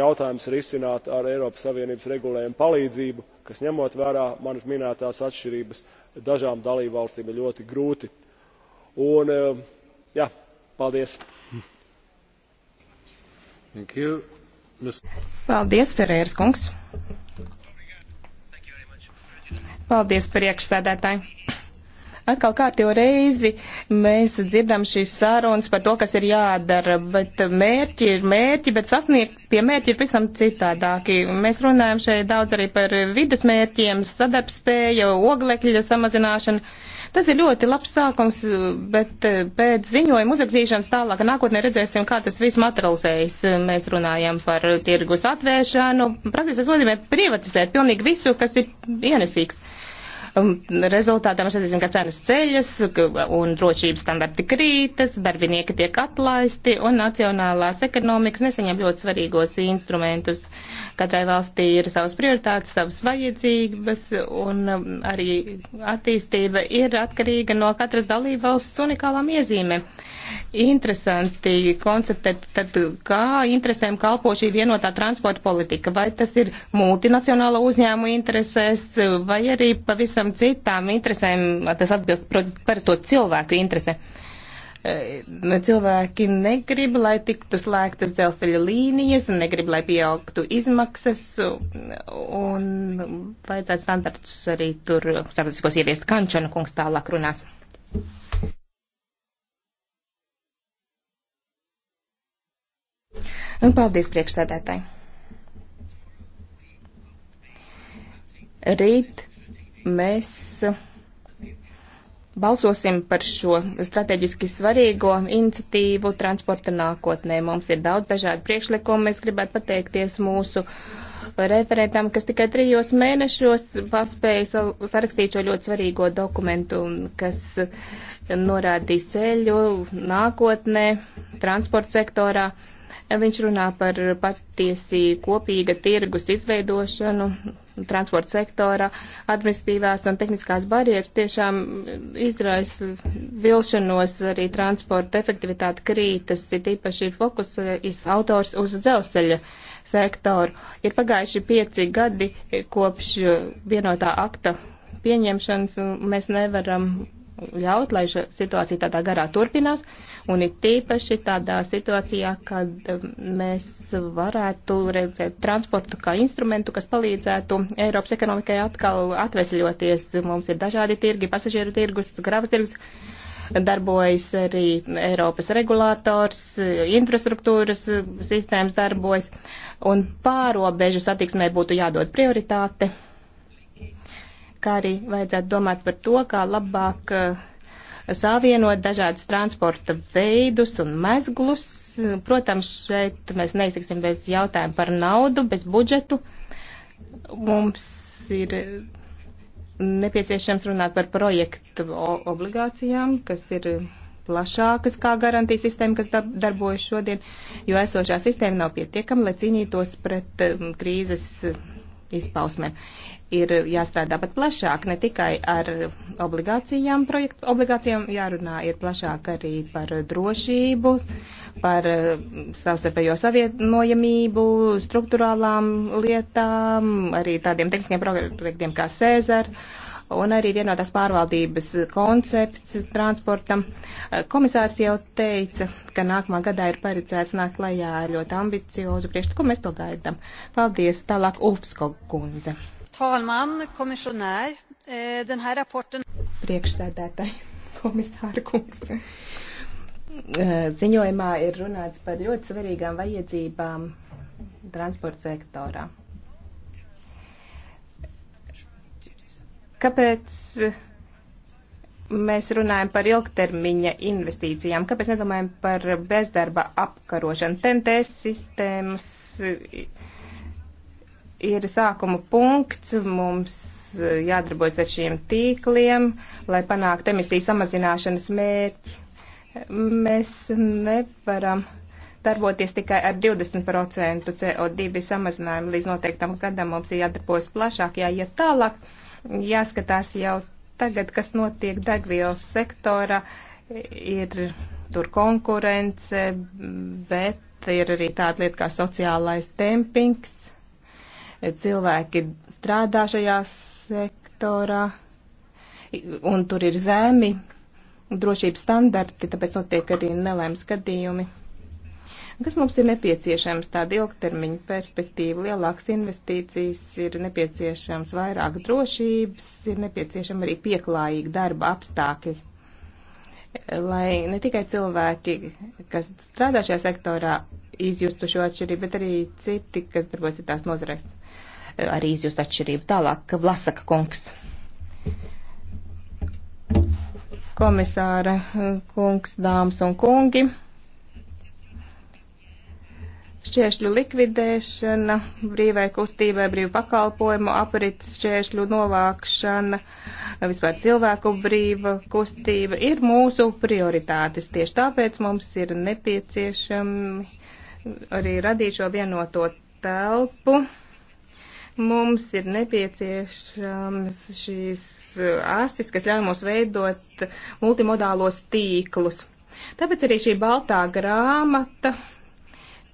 jautājumus risināt ar eiropas savienības regulējuma palīdzību kas ņemot vērā manas minētās atšķirības dažām dalībvalstīm ir ļoti grūti. Un, eh, jā, paldies! Paldies, Ferēras kungs! Paldies, priekšsēdētāji! Atkal kārtējo reizi mēs dzirdam šīs sarunas par to, kas ir jādara, bet mērķi ir mērķi, bet sasniegt tie mērķi ir visam citādāki. Mēs runājam šeit daudz arī par vidas mērķiem, sadarbspēju, oglekļa samazināšanu. Tas ir ļoti labs sākums, bet pēc ziņojuma uzrakstīšanas tālāk nākotnē redzēsim, kā tas viss materializējas. Mēs runājam par tirgus atvēršanu. Praktiski tas nozīmē privatizēt pilnīgi visu, kas ir ienesīgs. Um, rezultātā mēs redzam, ka cenas ceļas un drošības standarti krītas, darbinieki tiek atlaisti un nacionālās ekonomikas nesaņem ļoti svarīgos instrumentus. Katrai valstī ir savas prioritātes, savas vajadzības un um, arī attīstība ir atkarīga no katras dalībvalsts unikālām iezīmēm. Interesanti konceptēt, tad kā interesēm kalpo šī vienotā transporta politika, vai tas ir multinacionāla uzņēmu interesēs, vai arī pavisam pavisam citām interesēm, tas atbilst parasto cilvēku interese. E, cilvēki negrib, lai tiktu slēgtas dzelzceļa līnijas, negrib, lai pieaugtu izmaksas, un vajadzētu standartus arī tur starptautiskos ieviest. Kančana kungs tālāk runās. Un nu, paldies priekšsēdētāji. Rīt mēs balsosim par šo strateģiski svarīgo iniciatīvu transporta nākotnē. Mums ir daudz dažādu priekšlikumu. Mēs gribētu pateikties mūsu referentam, kas tikai trijos mēnešos paspēja sarakstīt šo ļoti svarīgo dokumentu, kas norādīs ceļu nākotnē transporta sektorā. Viņš runā par patiesi kopīga tirgus izveidošanu transporta sektora, administratīvās un tehniskās barjeras tiešām izraisa vilšanos arī transporta efektivitāte krītas, ir īpaši ir fokusējis autors uz dzelzceļa sektoru. Ir pagājuši pieci gadi kopš vienotā akta pieņemšanas, un mēs nevaram ļaut, lai šī situācija tādā garā turpinās, un ir tīpaši tādā situācijā, kad um, mēs varētu redzēt transportu kā instrumentu, kas palīdzētu Eiropas ekonomikai atkal atvesļoties. Mums ir dažādi tirgi, pasažieru tirgus, gravas tirgus, darbojas arī Eiropas regulators, infrastruktūras sistēmas darbojas, un pārobežu satiksmē būtu jādod prioritāte kā arī vajadzētu domāt par to, kā labāk eh, savienot dažādas transporta veidus un mezglus. Protams, šeit mēs neiztiksim bez jautājumu par naudu, bez budžetu. Mums ir nepieciešams runāt par projektu obligācijām, kas ir plašākas kā garantija sistēma, kas darbojas šodien, jo esošā sistēma nav pietiekama, lai cīnītos pret eh, krīzes izpausmēm. Ir jāstrādā pat plašāk, ne tikai ar obligācijām, projektu obligācijām jārunā, ir plašāk arī par drošību, par eh, savstarpējo savienojamību, struktūrālām lietām, arī tādiem tehniskiem projektiem kā Cēzara un arī vienotās pārvaldības koncepts transportam. Komisārs jau teica, ka nākamā gadā ir paredzēts nākt klajā ar ļoti ambiciozu priekšlikumu. Mēs to gaidām. Paldies. Tālāk Ulfsko kundze. Talman, komisionēr, e, den här rapporten. Priekšsēdētāji, komisāra kungs. E, ziņojumā ir runāts par ļoti svarīgām vajadzībām transporta sektorā. Kāpēc eh, mēs runājam par ilgtermiņa investīcijām? Kāpēc nedomājam par bezdarba apkarošanu? TNT sistēmas eh, ir sākuma punkts, mums eh, jādarbojas ar šiem tīkliem, lai panāktu emisiju samazināšanas mērķi. Mēs nevaram darboties tikai ar 20% CO2 samazinājumu līdz noteiktam gadam. Mums ir jādarbojas plašāk, jāiet tālāk jāskatās jau tagad, kas notiek degvielas sektora, ir tur konkurence, bet ir arī tāda lieta kā sociālais dempings. Cilvēki strādā šajā sektorā, un tur ir zemi drošības standarti, tāpēc notiek arī nelēms gadījumi. Kas mums ir nepieciešams tāda ilgtermiņa perspektīva, lielāks investīcijas, ir nepieciešams vairāk drošības, ir nepieciešama arī pieklājīga darba apstākļi, lai ne tikai cilvēki, kas strādā šajā sektorā, izjustu šo atšķirību, bet arī citi, kas darbojas citās nozarēs, arī izjustu atšķirību. Tālāk, Vlasaka kungs. Komisāra kungs, dāmas un kungi šķēršļu likvidēšana, brīvai kustībai, brīvu pakalpojumu, aprits šķēršļu novākšana, vispār cilvēku brīva kustība ir mūsu prioritātes. Tieši tāpēc mums ir nepieciešami arī radīt šo vienoto telpu mums ir nepieciešams šīs astis, kas ļauj mums veidot multimodālos tīklus. Tāpēc arī šī baltā grāmata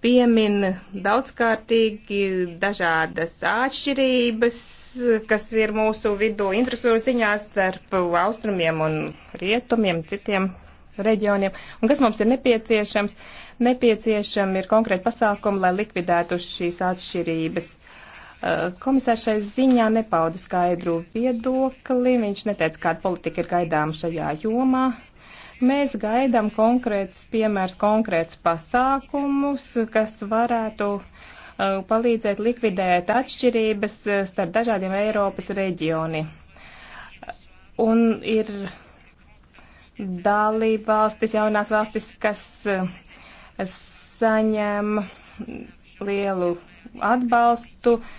piemin daudzkārtīgi dažādas atšķirības, kas ir mūsu vidū infrastruktūra ziņā starp austrumiem un rietumiem, citiem reģioniem. Un kas mums ir nepieciešams? Nepieciešami ir konkrēti pasākumi, lai likvidētu šīs atšķirības. Eh, komisārs šai ziņā nepauda skaidru viedokli, viņš neteica, kāda politika ir gaidāma šajā jomā, Mēs gaidām konkrēts piemērs, konkrēts pasākumus, kas varētu uh, palīdzēt likvidēt atšķirības uh, starp dažādiem Eiropas reģioni. Un ir dalība valstis, jaunās valstis, kas uh, saņem lielu atbalstu. Uh,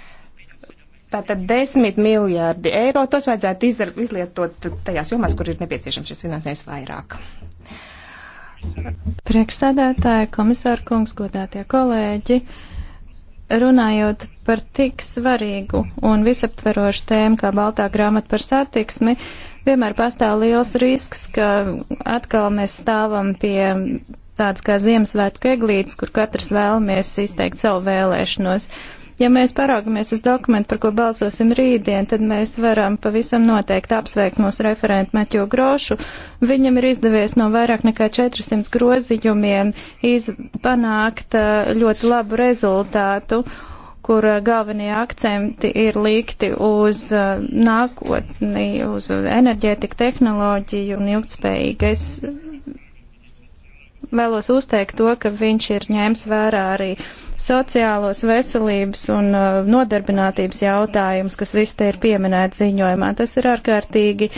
Tātad 10 miljārdi eiro tos vajadzētu izdar, izlietot tajās jomās, kur ir nepieciešams šis finansējums vairāk. Priekšsēdētāji, komisāra kungs, godātie kolēģi, runājot par tik svarīgu un visaptverošu tēmu kā Baltā grāmata par satiksmi, vienmēr pastāv liels risks, ka atkal mēs stāvam pie tāds kā Ziemassvētku eglītes, kur katrs vēlamies izteikt savu vēlēšanos. Uh, Ja mēs paraugamies uz dokumentu, par ko balsosim rītdien, tad mēs varam pavisam noteikti apsveikt mūsu referentu Metju Grošu. Viņam ir izdevies no vairāk nekā 400 grozījumiem panākt ļoti labu rezultātu kur galvenie akcenti ir likti uz nākotni, uz enerģētiku, tehnoloģiju un ilgtspējīgi. Es vēlos uzteikt to, ka viņš ir ņēmis vērā arī uh, sociālos veselības un uh, nodarbinātības jautājums, kas viss te ir pieminēts ziņojumā. Tas ir ārkārtīgi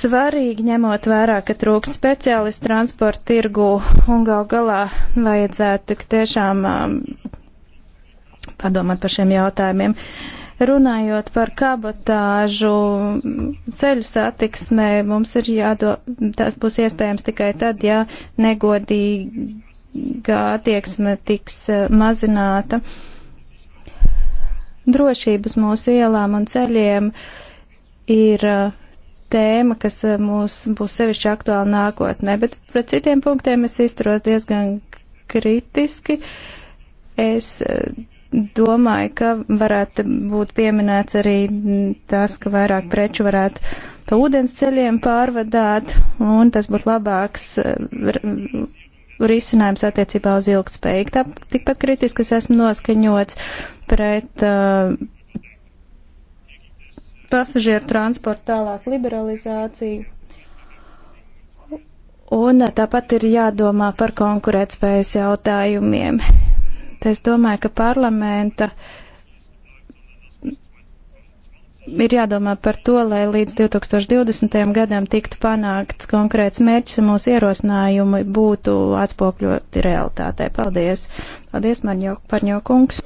svarīgi ņemot vērā, ka trūkst speciālistu transporta tirgu un gal galā vajadzētu tik tiešām um, padomāt par šiem jautājumiem. Runājot par kabotāžu, ceļu satiksmē, mums ir jādo, tas būs iespējams tikai tad, ja negodīgi attieksme tiks e, mazināta. Drošības mūsu ielām un ceļiem ir e, tēma, kas e, mūs būs sevišķi aktuāla nākotnē, bet pret citiem punktiem es izturos diezgan kritiski. Es domāju, ka varētu būt pieminēts arī tas, ka vairāk preču varētu pa ūdens ceļiem pārvadāt, un tas būtu labāks risinājums attiecībā uz ilgtspējīgu. Tā, tikpat kritiski es esmu noskaņots pret uh, pasažieru transportu tālāk liberalizāciju. Un uh, tāpat ir jādomā par konkurētspējas jautājumiem. Es domāju, ka parlamenta uh, ir jādomā par to, lai līdz 2020. gadam tiktu panākts konkrēts mērķis un mūsu ierosinājumi būtu atspokļoti realitātē. Paldies! Paldies, Marņo, Parņo kungs!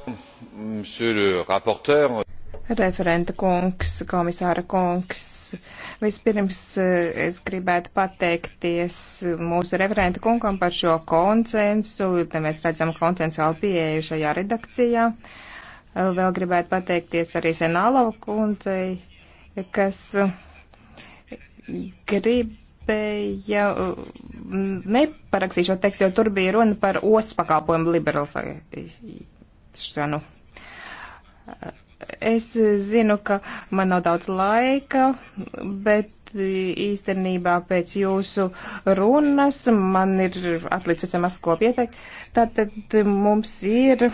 Referenta kungs, komisāra kungs. Vispirms eh, es gribētu pateikties mūsu referenta kungam par šo konsensu. Te mēs redzam konsensuālu pieeju šajā redakcijā. Uh, Vēl gribētu pateikties arī Senālova kundzei, kas gribēja mm, neparakstīt šo tekstu, jo tur bija runa par ostas pakalpojumu liberalizēšanu. Es zinu, ka man nav daudz laika, bet īstenībā pēc jūsu runas man ir atlicis visam maz ko pieteikt. Tātad mums ir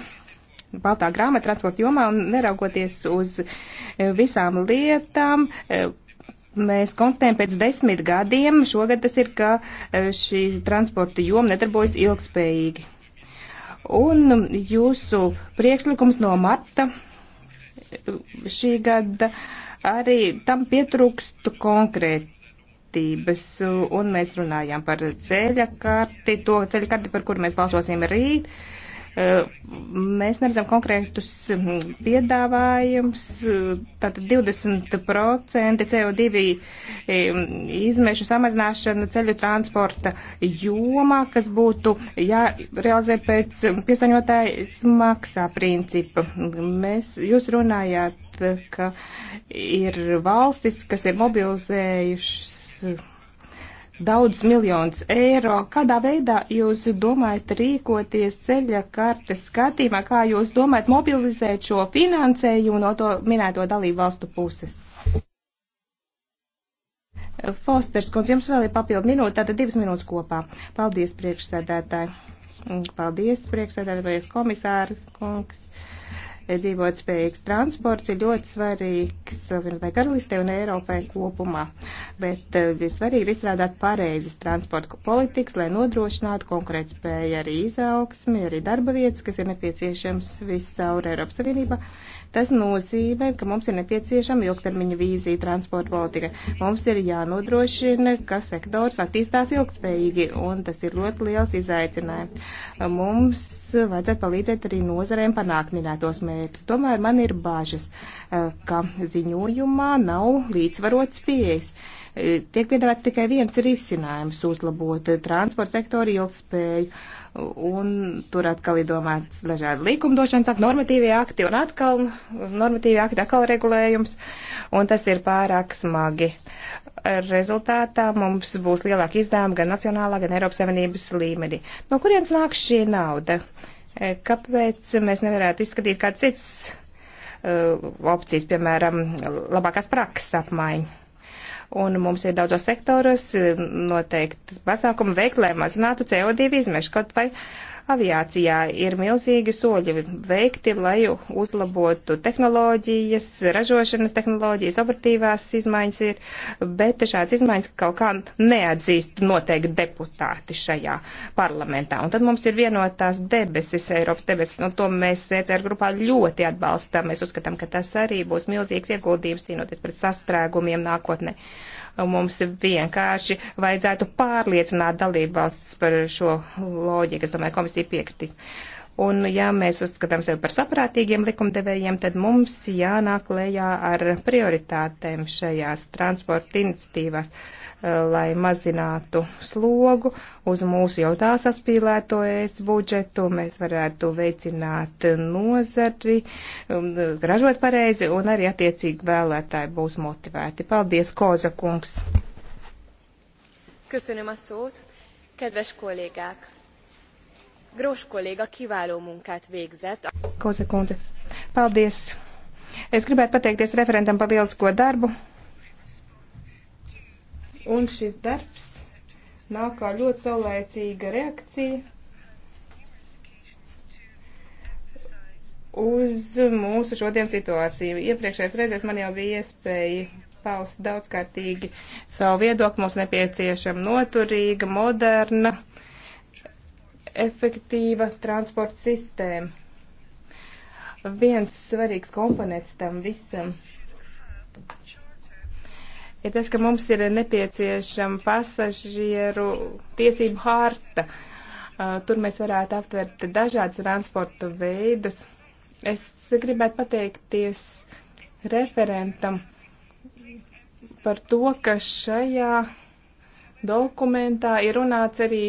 baltā grāmata transporta jomā un neraugoties uz eh, visām lietām. Eh, mēs konstatējam pēc desmit gadiem, šogad tas ir, ka eh, šī transporta joma nedarbojas ilgspējīgi. Un jūsu priekšlikums no marta šī gada arī tam pietrūkst konkrēti vērtības, un mēs runājām par ceļa karti, to ceļa karti, par kuru mēs balsosim rīt. Uh, Mēs neredzam konkrētus mm, piedāvājums, tātad 20% CO2 mm, izmešu samazināšana ceļu transporta jomā, kas būtu jārealizē pēc piesaņotājs maksā principa. Mēs, jūs runājāt, ka ir valstis, kas ir mobilizējušas daudz miljonus eiro. Kādā veidā jūs domājat rīkoties ceļa kartes skatījumā? Kā jūs domājat mobilizēt šo finansējumu no to minēto dalību valstu puses? Fosters, kundz, jums vēl ir papildu minūte, tātad divas minūtes kopā. Paldies, priekšsēdētāji. Paldies, priekšsēdētājs komisāri, kungs. Dzīvot spējīgs transports ir ļoti svarīgs Vienotā karalistē un Eiropai kopumā bet eh, visvarīgi ir izstrādāt pareizes transporta politikas, lai nodrošinātu konkurētspēju arī izaugsmi, arī darba vietas, kas ir nepieciešams viscaur Eiropas Savienībā. Tas nozīmē, ka mums ir nepieciešama ilgtermiņa vīzija transporta politika. Mums ir jānodrošina, ka sektors attīstās ilgspējīgi, un tas ir ļoti liels izaicinājums. Mums vajadzētu palīdzēt arī nozarēm panākt minētos mērķus. Tomēr man ir bažas, eh, ka ziņojumā nav līdzvarots pieejas. Tiek piedāvāts tikai viens risinājums - uzlabot transporta sektoru ilgspēju, un tur atkal ir domāts dažādi likumdošanas akti, normatīvie akti, un atkal normatīvie akti, atkal regulējums, un tas ir pārāk smagi. Rezultātā mums būs lielāka izdevuma gan nacionālā, gan Eiropas Savienības līmenī. No kurienes nāk šī nauda? Kāpēc mēs nevarētu izskatīt kāds cits? Uh, opcijas, piemēram, labākās prakses apmaiņa un mums ir daudzos sektoros eh, noteikti pasākumi veikt, lai mazinātu CO2 izmešus. Kaut vai uh, aviācijā ir milzīgi soļi veikti, lai uzlabotu tehnoloģijas, ražošanas tehnoloģijas, operatīvās izmaiņas ir, bet šāds izmaiņas kaut kā neatzīst noteikti deputāti šajā parlamentā. Un tad mums ir vienotās debesis, Eiropas debesis, un to mēs ECR grupā ļoti atbalstam. Mēs uzskatām, ka tas arī būs milzīgs ieguldījums cīnoties pret sastrēgumiem nākotnē. Mums vienkārši vajadzētu pārliecināt dalību valsts par šo loģiku. Es domāju, komisija piekritīs. Un, ja mēs uzskatām sevi par saprātīgiem likumdevējiem, tad mums jānāk lejā ar prioritātēm šajās transporta iniciatīvās, eh, lai mazinātu slogu uz mūsu jau tā saspīlēto es budžetu. Mēs varētu veicināt nozari, um, ražot pareizi un arī attiecīgi vēlētāji būs motivēti. Paldies, Koza kungs! Köszönöm a szót, kedves kollégák! Grošs kolēga kivālo munkāt végzett. Ko sekundi. Paldies. Es gribētu pateikties referentam par lielisko darbu. Un šis darbs nāk kā ļoti saulēcīga reakcija uz mūsu šodien situāciju. Iepriekšējais reizēs man jau bija iespēja paust daudzkārtīgi savu viedokli. Mums nepieciešama noturīga, moderna efektīva transporta sistēma. Viens svarīgs komponents tam visam ir tas, ka mums ir nepieciešama pasažieru tiesību harta. Tur mēs varētu aptvert dažādas transporta veidus. Es gribētu pateikties referentam par to, ka šajā dokumentā ir runāts arī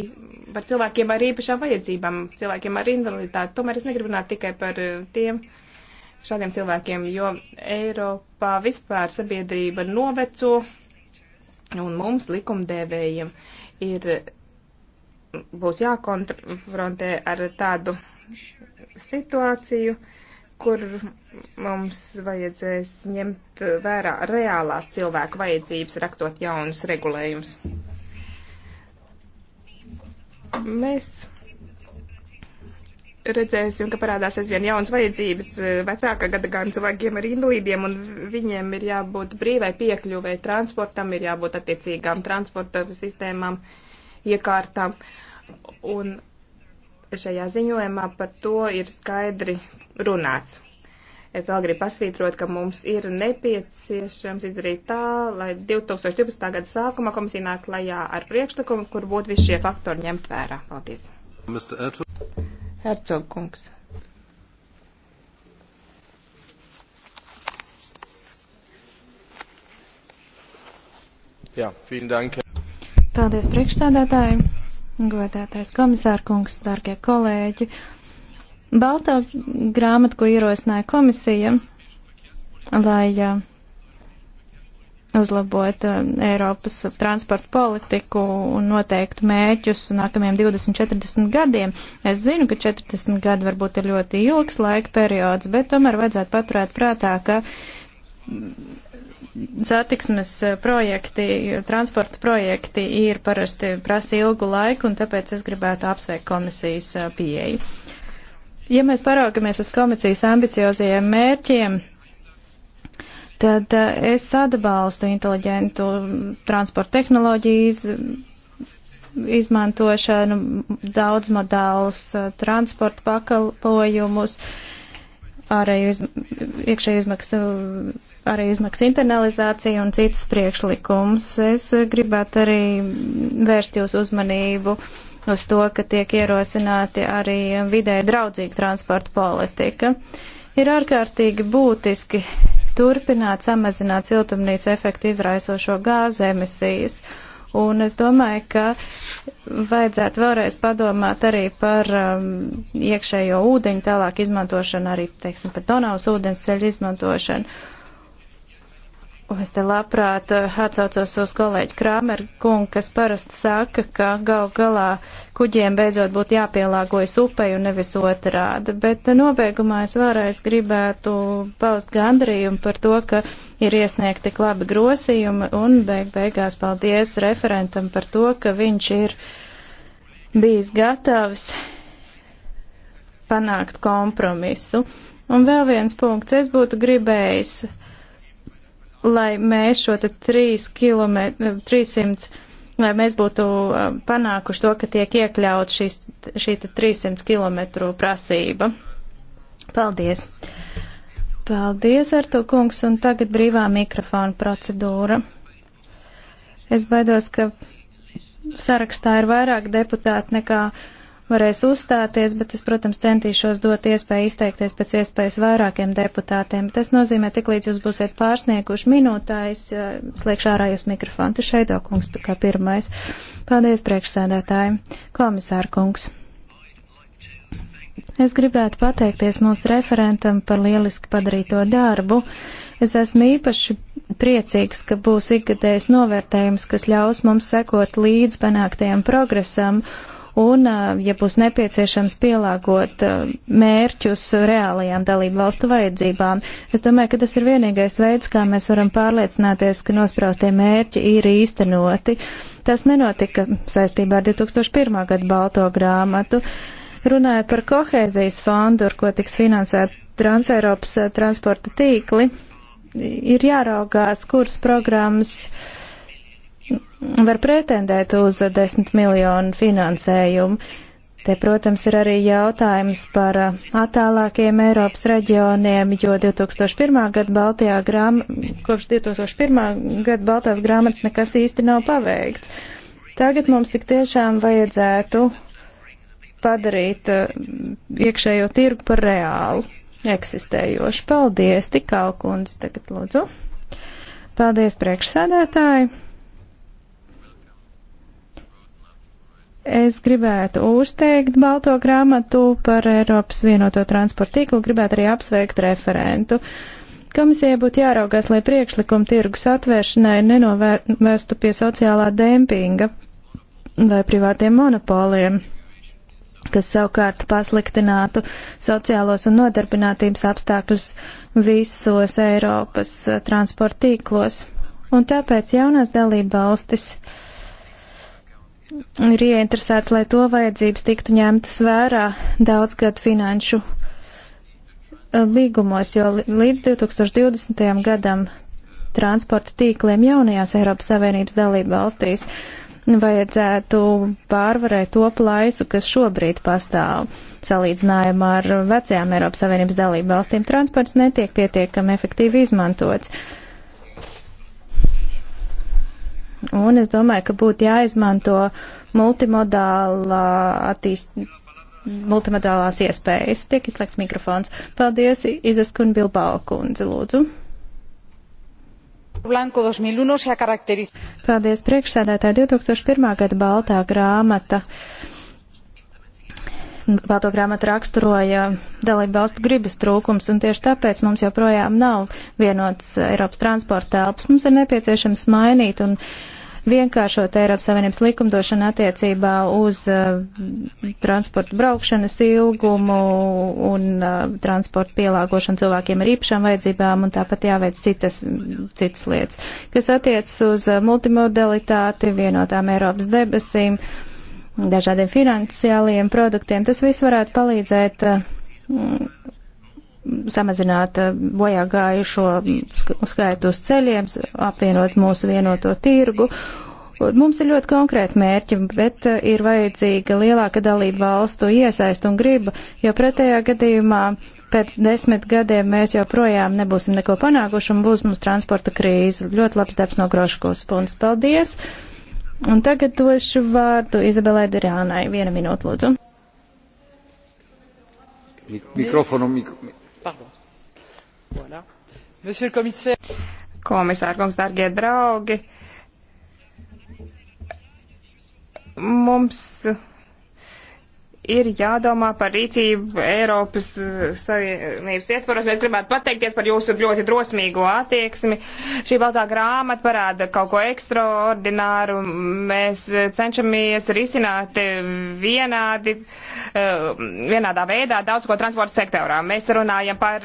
par cilvēkiem ar īpašām vajadzībām, cilvēkiem ar invaliditāti. Tomēr es negribu runāt tikai par eh, tiem šādiem cilvēkiem, jo Eiropā vispār sabiedrība noveco un mums likumdevējiem ir būs jākonfrontē ar tādu situāciju, kur mums vajadzēs ņemt vērā reālās cilvēku vajadzības, rakstot jaunus regulējumus. Mēs redzēsim, ka parādās aizvien jaunas vajadzības eh, vecāka gada gan cilvēkiem ar invalīdiem, un viņiem ir jābūt brīvai piekļuvai transportam, ir jābūt attiecīgām transporta sistēmām, iekārtām. Un šajā ziņojumā par to ir skaidri runāts. Es vēl gribu pasvītrot, ka mums ir nepieciešams izdarīt tā, lai 2012. gada sākumā komisija nāk klajā ar priekšlikumu, kur būtu visi šie faktori ņemt vērā. Paldies. Hercog kungs. Jā, vielen dank. Paldies priekšsādātāji, godātais komisārkungs, dargie kolēģi. Baltā grāmata, ko ierosināja komisija, lai uh, uzlabot uh, um, Eiropas transporta politiku un noteiktu mēķus nākamajiem 20-40 gadiem. Es zinu, ka 40 gadi varbūt ir ļoti ilgs laika periods, bet tomēr vajadzētu paturēt prātā, ka satiksmes uh, projekti, transporta projekti ir parasti prasa ilgu laiku, un tāpēc es gribētu apsveikt komisijas uh, pieeju ja mēs paraugamies uz komisijas ambiciozajiem mērķiem, tad eh, es atbalstu inteliģentu transporta tehnoloģiju iz, izmantošanu, daudzmodālus eh, transporta pakalpojumus, ārēju iz, iekšēju izmaksu, ārēju izmaksu internalizāciju un citus priekšlikumus. Es gribētu arī vērst jūs uzmanību uh, uz to, ka tiek ierosināti arī vidē draudzīga transporta politika. Ir ārkārtīgi būtiski turpināt samazināt siltumnīca efektu izraisošo gāzu emisijas. Un es domāju, ka vajadzētu vēlreiz padomāt arī par um, iekšējo ūdeņu tālāk izmantošanu, arī, teiksim, par Donavas ūdens ceļu izmantošanu. Es te labprāt eh, atsaucos uz kolēģi Krāmeru kungu, kas parasti saka, ka gal galā kuģiem beidzot būtu jāpielāgojas upei un nevis otrādi. Bet eh, nobeigumā es vēlreiz gribētu paust gandrījumu par to, ka ir iesniegti tik labi grosījumi un beig beigās paldies referentam par to, ka viņš ir bijis gatavs panākt kompromisu. Un vēl viens punkts. Es būtu gribējis lai mēs šo te 3 km, 300, lai mēs būtu uh, panākuši to, ka tiek iekļaut šīs, šī te 300 km prasība. Paldies! Paldies, Artu kungs, un tagad brīvā mikrofona procedūra. Es baidos, ka sarakstā ir vairāk deputāti nekā uh, varēs uzstāties, bet es, protams, centīšos dot iespēju izteikties pēc iespējas vairākiem deputātiem. Tas nozīmē, tik līdz jūs būsiet pārsnieguši minūtājs, eh, slēgšu ārā jūs mikrofonu. Tu šeit, kungs, kā pirmais. Paldies, priekšsēdētāji. Komisāra kungs. Es gribētu pateikties mūsu referentam par lieliski padarīto darbu. Es esmu īpaši priecīgs, ka būs ikgadējs novērtējums, kas ļaus mums sekot līdz panāktajam progresam un, ja būs nepieciešams, pielāgot mērķus reālajām dalību valstu vajadzībām. Es domāju, ka tas ir vienīgais veids, kā mēs varam pārliecināties, ka nospraustie mērķi ir īstenoti. Tas nenotika saistībā ar 2001. gadu balto grāmatu. Runājot par kohēzijas fondu, ar ko tiks finansēt Transeiropas transporta tīkli, ir jāraugās, kuras programmas uh, var pretendēt uz 10 miljonu finansējumu. Te, protams, ir arī jautājums par uh, attālākiem Eiropas reģioniem, jo 2001. gada Baltijā grāma, kopš 2001. gada Baltās grāmatas nekas īsti nav paveikts. Tagad mums tik tiešām vajadzētu padarīt uh, iekšējo tirgu par reālu eksistējošu. Paldies, tikā kundze, tagad lūdzu. Paldies, priekšsēdētāji. Es gribētu uzteikt balto grāmatu par Eiropas vienoto transportu tīklu, gribētu arī apsveikt referentu. Komisijai būtu jāraugās, lai priekšlikumu tirgus atvēršanai nenovestu pie sociālā dempinga vai privātiem monopoliem, kas savukārt pasliktinātu sociālos un nodarbinātības apstākļus visos Eiropas eh, transporta tīklos. Un tāpēc jaunās dalība valstis uh, ir ieinteresēts, lai to vajadzības tiktu ņemtas vērā daudzgad finanšu e, līgumos, jo līdz 2020. gadam transporta tīkliem jaunajās Eiropas Savienības dalība valstīs vajadzētu pārvarēt to plaisu, kas šobrīd pastāv. Salīdzinājumā ar vecajām Eiropas Savienības dalību valstīm transports netiek pietiekami efektīvi izmantots. Uh, Un es domāju, ka būtu jāizmanto multimodālā attīst, multimodālās iespējas. Tiek izslēgts mikrofons. Paldies, Izaskun Bilbao kundze, lūdzu. Blanko 2001 se caracteriza. Paldies, priekšsēdētāji. 2001. gada baltā grāmata Balto grāmatu raksturoja dalību valstu gribas trūkums, un tieši tāpēc mums joprojām nav vienots Eiropas transporta telpas. Mums ir nepieciešams mainīt un vienkāršot Eiropas Savienības likumdošanu attiecībā uz uh, transporta braukšanas ilgumu un uh, transporta pielāgošanu cilvēkiem ar īpašām vajadzībām, un tāpat jāveic citas, citas lietas, kas attiecas uz uh, multimodalitāti, vienotām Eiropas debesīm. Uh, dažādiem finansiāliem produktiem. Tas viss varētu palīdzēt eh, mm, samazināt eh, bojā gājušo skaitu uz ceļiem, apvienot mūsu vienoto tirgu. Mums ir ļoti konkrēti mērķi, bet eh, ir vajadzīga lielāka dalība valstu iesaist un griba, jo pretējā gadījumā pēc desmit gadiem mēs joprojām nebūsim neko panākuši un būs mums transporta krīze. Ļoti labs darbs no Groškos. Punkts. Paldies! Un tagad došu vārdu Izabelai Derānai. Viena minūte, lūdzu. Mikrofonu, mikro... Pardon. Voilà. Monsieur le commissaire. Komisār, kungs, dārgie draugi. Mums. Uh, ir jādomā par rīcību Eiropas eh, Savienības ietvaros. Mēs gribētu pateikties par jūsu ļoti drosmīgo attieksmi. Šī baltā grāmata parāda kaut ko ekstraordināru. Mēs eh, cenšamies risināt eh, vienādi, vienādā veidā daudz ko transporta sektorā. Mēs runājam par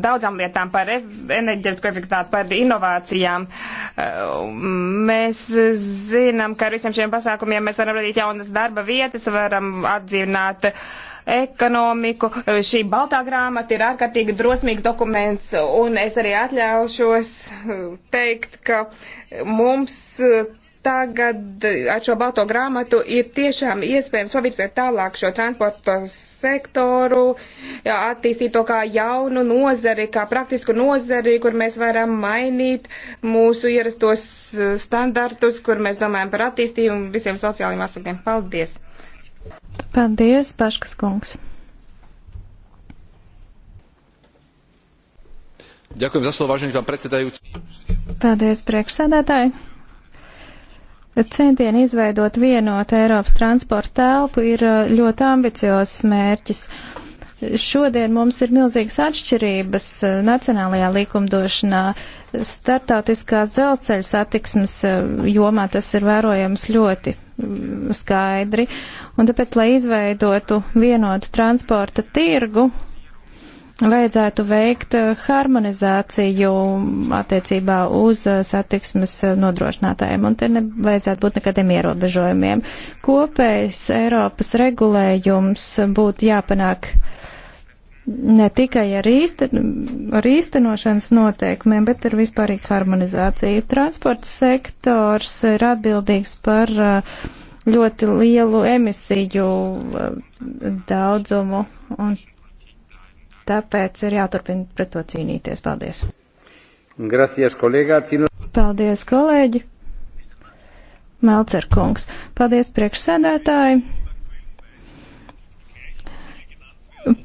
daudzām lietām, par e, enerģētisko efektivitāti, par inovācijām. Mēs zinām, ka ar visiem šiem pasākumiem mēs varam radīt jaunas darba vietas, varam atzīt iedzīvināt ekonomiku. Šī baltā grāmata ir ārkārtīgi drosmīgs dokuments, un es arī atļaušos teikt, ka mums tagad ar šo balto grāmatu ir tiešām iespējams pavirzēt tālāk šo transporta sektoru, jā, attīstīt to kā jaunu nozari, kā praktisku nozari, kur mēs varam mainīt mūsu ierastos standartus, kur mēs domājam par attīstību un visiem sociālajiem aspektiem. Paldies! Paldies, Paškas kungs. Ďakujem za slovo, vážený pán predsedajúci. Paldies, priekšsēdētāji. Centieni izveidot vienotu Eiropas transporta telpu ir uh, ļoti ambiciozs mērķis. Šodien mums ir milzīgas atšķirības uh, nacionālajā likumdošanā. Startautiskās dzelzceļa satiksmes uh, jomā tas ir vērojams ļoti skaidri. Un tāpēc, lai izveidotu vienotu transporta tirgu, vajadzētu veikt eh, harmonizāciju attiecībā uz eh, satiksmes eh, nodrošinātājiem, un te nevajadzētu būt nekādiem ierobežojumiem. Kopējs Eiropas regulējums būtu jāpanāk ne tikai ar, īsten, ar īstenošanas noteikumiem, bet ar vispārīgu harmonizāciju. Transports sektors ir atbildīgs par uh, ļoti lielu emisiju uh, daudzumu, un tāpēc ir jāturpina pret to cīnīties. Paldies! Gracias, kolēģi! Cīn... Paldies, kolēģi! Melcerkungs. Paldies, priekšsēdētāji!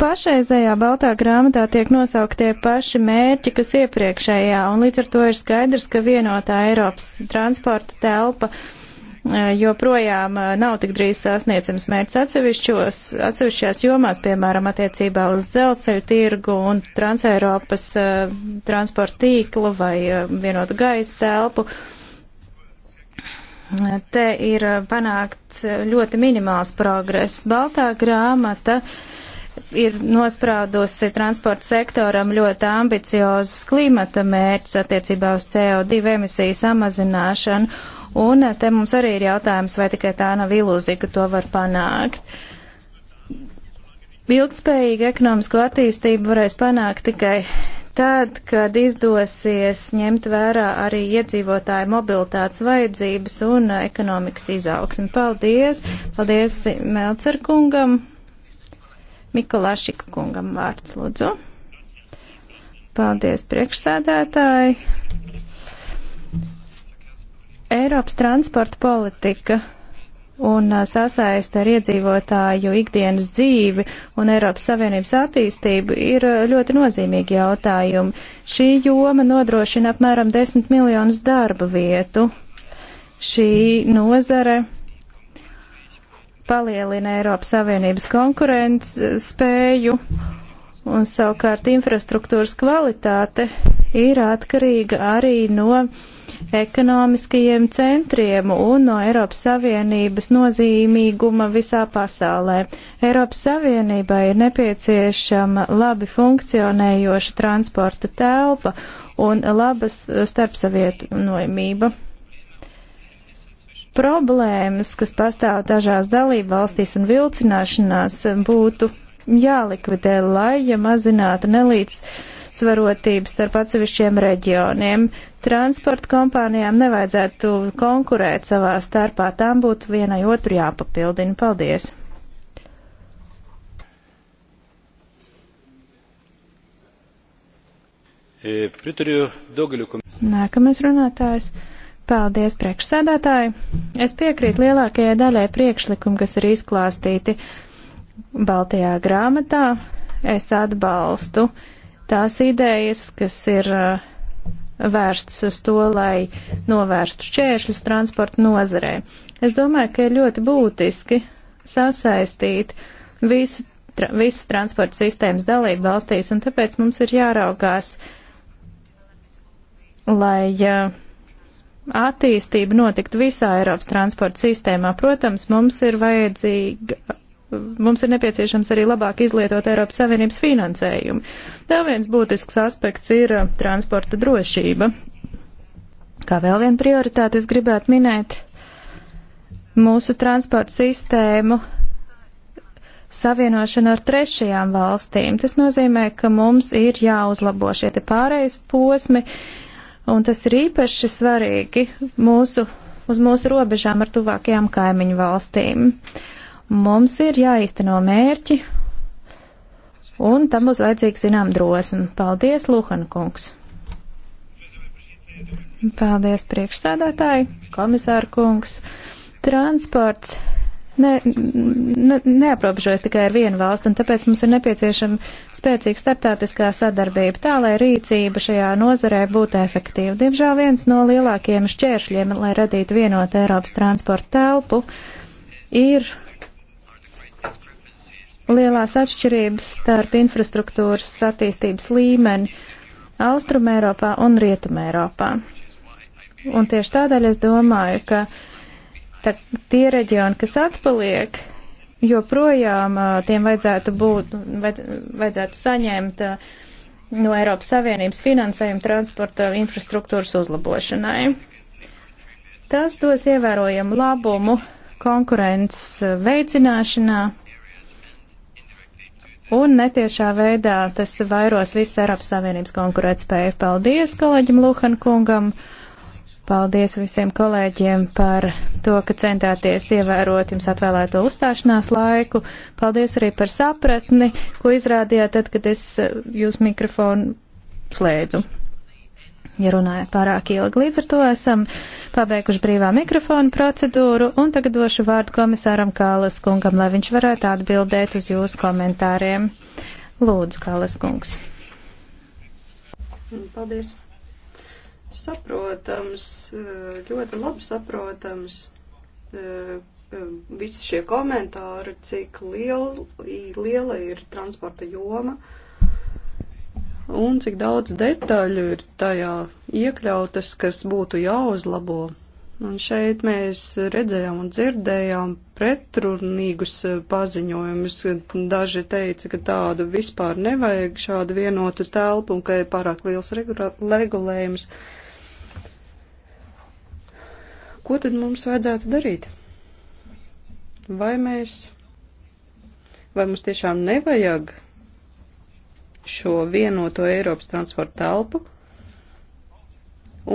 Pašreizējā baltā grāmatā tiek nosauktie paši mērķi, kas iepriekšējā, un līdz ar to ir skaidrs, ka vienotā Eiropas transporta telpa eh, joprojām eh, nav tik drīz sasniedzams mērķis atsevišķās jomās, piemēram, attiecībā uz dzelzceļu tirgu un Transeiropas uh, transporta tīklu vai uh, vienotu gaisa telpu. Te ir panākts ļoti minimāls progress. Baltā grāmata uh, ir nospraudusi transporta sektoram ļoti ambiciozus klimata mērķus attiecībā uz CO2 emisiju samazināšanu, un eh, te mums arī ir jautājums, vai tikai tā nav ilūzija, ka to var panākt. Ilgtspējīga ekonomisko attīstību varēs panākt tikai tad, kad izdosies ņemt vērā arī iedzīvotāju mobilitātes vajadzības un eh, ekonomikas izaugsmi. Paldies! Paldies Melcerkungam! Mikolašika kungam vārds, lūdzu. Paldies, priekšsēdētāji. Eiropas transporta politika un sasaista ar iedzīvotāju ikdienas dzīvi un Eiropas Savienības attīstību ir ļoti nozīmīgi jautājumi. Šī joma nodrošina apmēram 10 miljonus darba vietu. Šī nozare palielina Eiropas Savienības konkurences eh, spēju, un savukārt infrastruktūras kvalitāte ir atkarīga arī no ekonomiskajiem centriem un no Eiropas Savienības nozīmīguma visā pasaulē. Eiropas Savienībai ir nepieciešama labi funkcionējoša transporta telpa un labas eh, starpsavietojumība. No problēmas, kas pastāv dažās dalību valstīs un vilcināšanās būtu jālikvidē, lai ja mazinātu nelīdz svarotības starp atsevišķiem reģioniem. Transporta kompānijām nevajadzētu konkurēt savā starpā, tām būtu vienai otru jāpapildina. Paldies! Pritariu daugeliu komisijų. Nākamais runātājs. Paldies, priekšsēdētāji! Es piekrītu lielākajai daļai priekšlikumu, kas ir izklāstīti Baltajā grāmatā. Es atbalstu tās idejas, kas ir uh, vērstas uz to, lai novērstu šķēršļus transporta nozarē. Es domāju, ka ir ļoti būtiski sasaistīt visu, tra, visas transporta sistēmas dalību valstīs, un tāpēc mums ir jāraugās, lai uh, attīstība notiktu visā Eiropas transporta sistēmā. Protams, mums ir vajadzīga. Mums ir nepieciešams arī labāk izlietot Eiropas Savienības finansējumu. Vēl viens būtisks aspekts ir uh, transporta drošība. Kā vēl vienu prioritāti es gribētu minēt mūsu transporta sistēmu savienošanu ar trešajām valstīm. Tas nozīmē, ka mums ir jāuzlabo šie te pārējais posmi, uh, un tas ir īpaši svarīgi mūsu, uz mūsu robežām ar tuvākajām kaimiņu valstīm. Mums ir jāīsteno mērķi, un tam būs vajadzīga zinām drosme. Paldies, Luhana kungs! Paldies, priekšsēdētāji, komisāra kungs! Transports ne, ne, neaprobežojas tikai ar vienu valstu, un tāpēc mums ir nepieciešama spēcīga starptautiskā sadarbība, tā lai rīcība šajā nozarē būtu efektīva. Diemžēl viens no lielākajiem šķēršļiem, lai radītu vienotu Eiropas transporta telpu, ir lielās atšķirības starp infrastruktūras attīstības līmeni Austrumēropā un Rietumēropā. Un tieši tādēļ es domāju, ka uh, Tā, tie reģioni, kas atpaliek, joprojām tiem vajadzētu būt, vajadz, vajadzētu saņemt no Eiropas Savienības finansējumu transporta infrastruktūras uzlabošanai. Tas dos ievērojamu labumu konkurences veicināšanā un netiešā veidā tas vairos visu Eiropas Savienības konkurētspēju. Paldies kolēģim Luhan kungam! Paldies visiem kolēģiem par to, ka centāties ievērot jums atvēlēto uzstāšanās laiku. Paldies arī par sapratni, ko izrādījāt tad, kad es eh, jūs mikrofonu slēdzu. Ja runājat pārāk ilgi, līdz ar to esam pabeiguši brīvā mikrofonu procedūru un tagad došu vārdu komisāram Kālas kungam, lai viņš varētu atbildēt uz jūsu komentāriem. Lūdzu, Kālas kungs. Paldies saprotams, e, ļoti labi saprotams e, e, visi šie komentāri, cik liel, liela ir transporta joma un cik daudz detaļu ir tajā iekļautas, kas būtu jāuzlabo. Un šeit mēs redzējām un dzirdējām pretrunīgus paziņojumus. Daži teica, ka tādu vispār nevajag šādu vienotu telpu un ka ir pārāk liels regulējums. Regula Ko tad mums vajadzētu darīt? Vai mēs, vai mums tiešām nevajag šo vienoto Eiropas transporta telpu?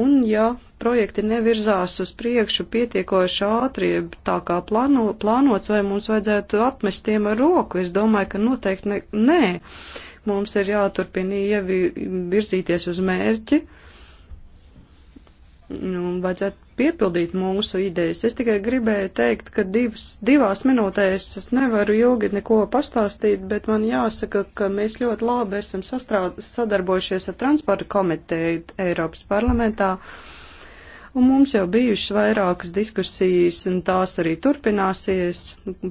Un ja projekti nevirzās uz priekšu pietiekoši ātri, tā kā plano, plānots, vai mums vajadzētu atmest tiem ar roku, es domāju, ka noteikti ne, nē. Mums ir jāturpina ievirzīties uz mērķi, nu, vajadzētu piepildīt mūsu idejas. Es tikai gribēju teikt, ka divas, divās minūtēs es nevaru ilgi neko pastāstīt, bet man jāsaka, ka mēs ļoti labi esam sastrād, sadarbojušies ar transporta komiteju Eiropas parlamentā. Un mums jau bijušas vairākas diskusijas, un tās arī turpināsies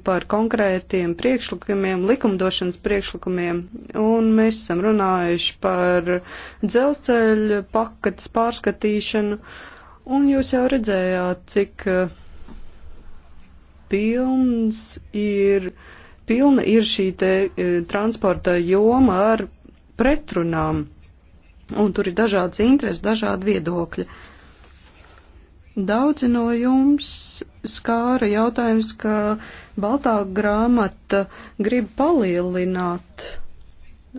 par konkrētiem priekšlikumiem, likumdošanas priekšlikumiem. Un mēs esam runājuši par dzelzceļa pakatas pārskatīšanu. Uh, Un jūs jau redzējāt, cik eh, pilns ir, pilna ir šī te eh, transporta joma ar pretrunām. Un tur ir dažādas intereses, dažādi viedokļi. Daudzi no jums skāra jautājums, ka Baltā grāmata grib palielināt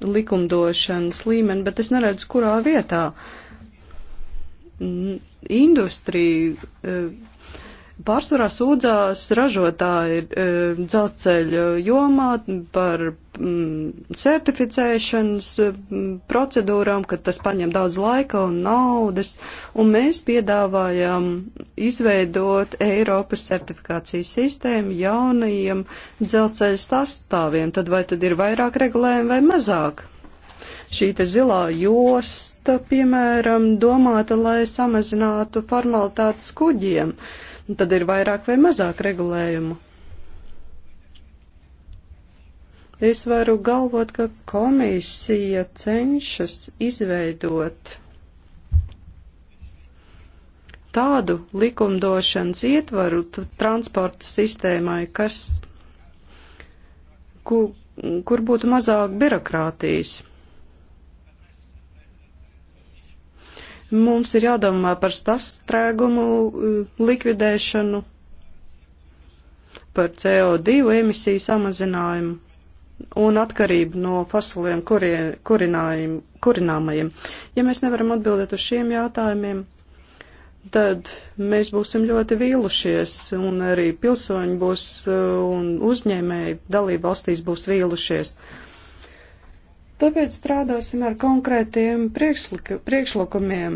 likumdošanas līmeni, bet es neredzu, kurā vietā. N industrija e, pārsvarā sūdzās ražotāji e, dzelceļa jomā par mm, certificēšanas e, procedūrām, ka tas paņem daudz laika un naudas, un mēs piedāvājam izveidot Eiropas certifikācijas sistēmu jaunajiem dzelceļa sastāviem. Tad vai tad ir vairāk regulējumi vai mazāk? Šī te zilā josta, piemēram, domāta, lai samazinātu formalitātes kuģiem. Tad ir vairāk vai mazāk regulējumu. Es varu galvot, ka komisija cenšas izveidot tādu likumdošanas ietvaru transporta sistēmai, kas, ku, kur būtu mazāk birokrātijas. Mums ir jādomā par sastrēgumu eh, likvidēšanu, par CO2 emisiju samazinājumu un atkarību no fosiliem kurināmajiem. Ja mēs nevaram atbildēt uz šiem jautājumiem, tad mēs būsim ļoti vīlušies, un arī pilsoņi būs eh, un uzņēmēji dalību valstīs būs vīlušies. Uh, Tāpēc strādāsim ar konkrētiem priekšlikumiem.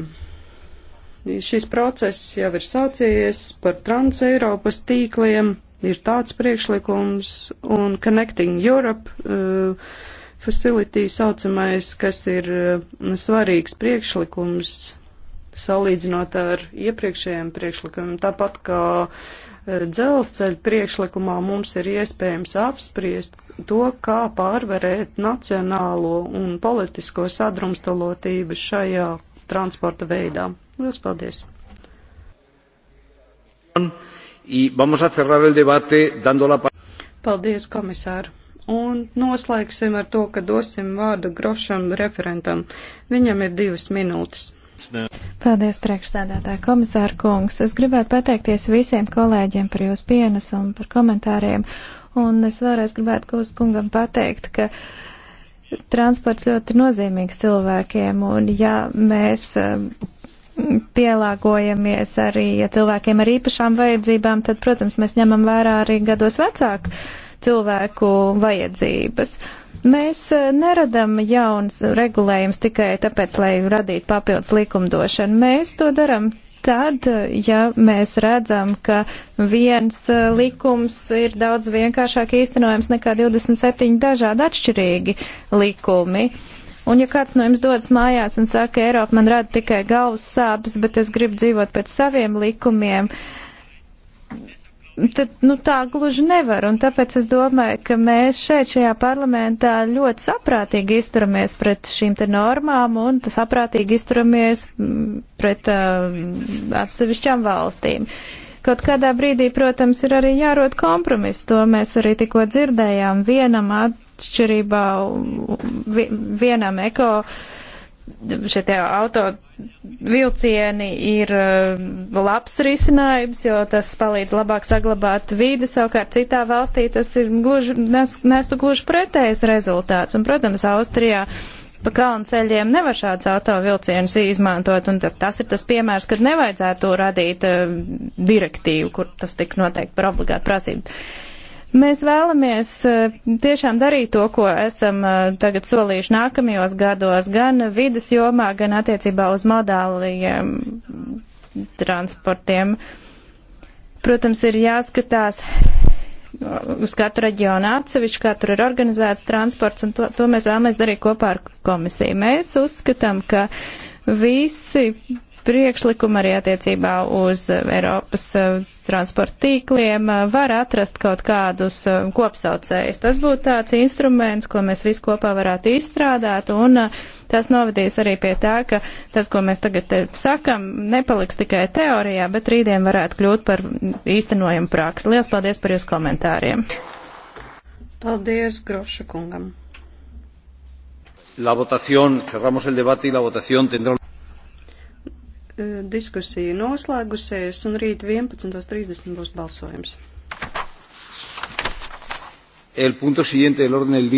Šis process jau ir sācies par Trans-Eiropas tīkliem, ir tāds priekšlikums un Connecting Europe uh, Facility saucamais, kas ir uh, svarīgs priekšlikums salīdzinot ar iepriekšējiem priekšlikumiem. Tāpat kā uh, dzelzceļa priekšlikumā mums ir iespējams apspriest, to, kā pārvarēt nacionālo un politisko sadrumstalotību šajā transporta veidā. Lielas paldies! Paldies, komisār! Un noslēgsim ar to, ka dosim vārdu grošam referentam. Viņam ir divas minūtes. Paldies, priekšsēdētāja komisāra kungs. Es gribētu pateikties visiem kolēģiem par jūsu pienesumu, par komentāriem Un es vēlreiz gribētu Kūs kungam pateikt, ka transports ļoti nozīmīgs cilvēkiem, un ja mēs um, pielāgojamies arī ja cilvēkiem ar īpašām vajadzībām, tad, protams, mēs ņemam vērā arī gados vecāku cilvēku vajadzības. Mēs uh, neradam jaunas regulējumus tikai tāpēc, lai radītu papildus likumdošanu. Mēs to daram Tad, ja mēs redzam, ka viens uh, likums ir daudz vienkāršāk īstenojams nekā 27 dažādi atšķirīgi likumi, Un ja kāds no jums dodas mājās un saka, Eiropa man rada tikai galvas sāpes, bet es gribu dzīvot pēc saviem likumiem, uh, tad nu, tā gluži nevar. Un tāpēc es domāju, ka mēs šeit, šajā parlamentā, ļoti saprātīgi izturamies pret šīm te normām un saprātīgi izturamies mm, pret uh, atsevišķām valstīm. Kaut kādā brīdī, protams, ir arī jārod kompromis, to mēs arī tikko dzirdējām vienam atšķirībā, vienam eko. Uh, šie tie auto vilcieni ir eh, labs risinājums, jo tas palīdz labāk saglabāt vīdi, savukārt citā valstī tas ir gluži, nes, nestu gluži pretējs rezultāts. Un, protams, Austrijā pa kalnu ceļiem nevar šāds auto vilcienus izmantot, un tas ir tas piemērs, kad nevajadzētu radīt uh, direktīvu, kur tas tik noteikti par obligātu prasību. Uh, Mēs vēlamies eh, tiešām darīt to, ko esam eh, tagad solījuši nākamajos gados, gan vidas jomā, gan attiecībā uz modāliem transportiem. Protams, ir jāskatās uz katru reģionu atsevišķi, kā tur ir organizēts transports, un to, to mēs vēlamies darīt kopā ar komisiju. Mēs uzskatām, ka visi priekšlikumu arī attiecībā uz eh, Eiropas eh, transporta tīkliem eh, var atrast kaut kādus kopsaucējus. Tas būtu tāds instruments, ko mēs visi kopā varētu izstrādāt, un tas novadīs arī pie tā, ka tas, ko mēs tagad sakam, nepaliks tikai teorijā, bet rītdien varētu kļūt par īstenojumu praksi. Lielas paldies par jūsu komentāriem! Paldies Groša kungam! La votación, cerramos el debate y la votación tendrá. E, diskusija noslēgusies un rīt 11.30 būs balsojums. El punto siguiente del orden del día.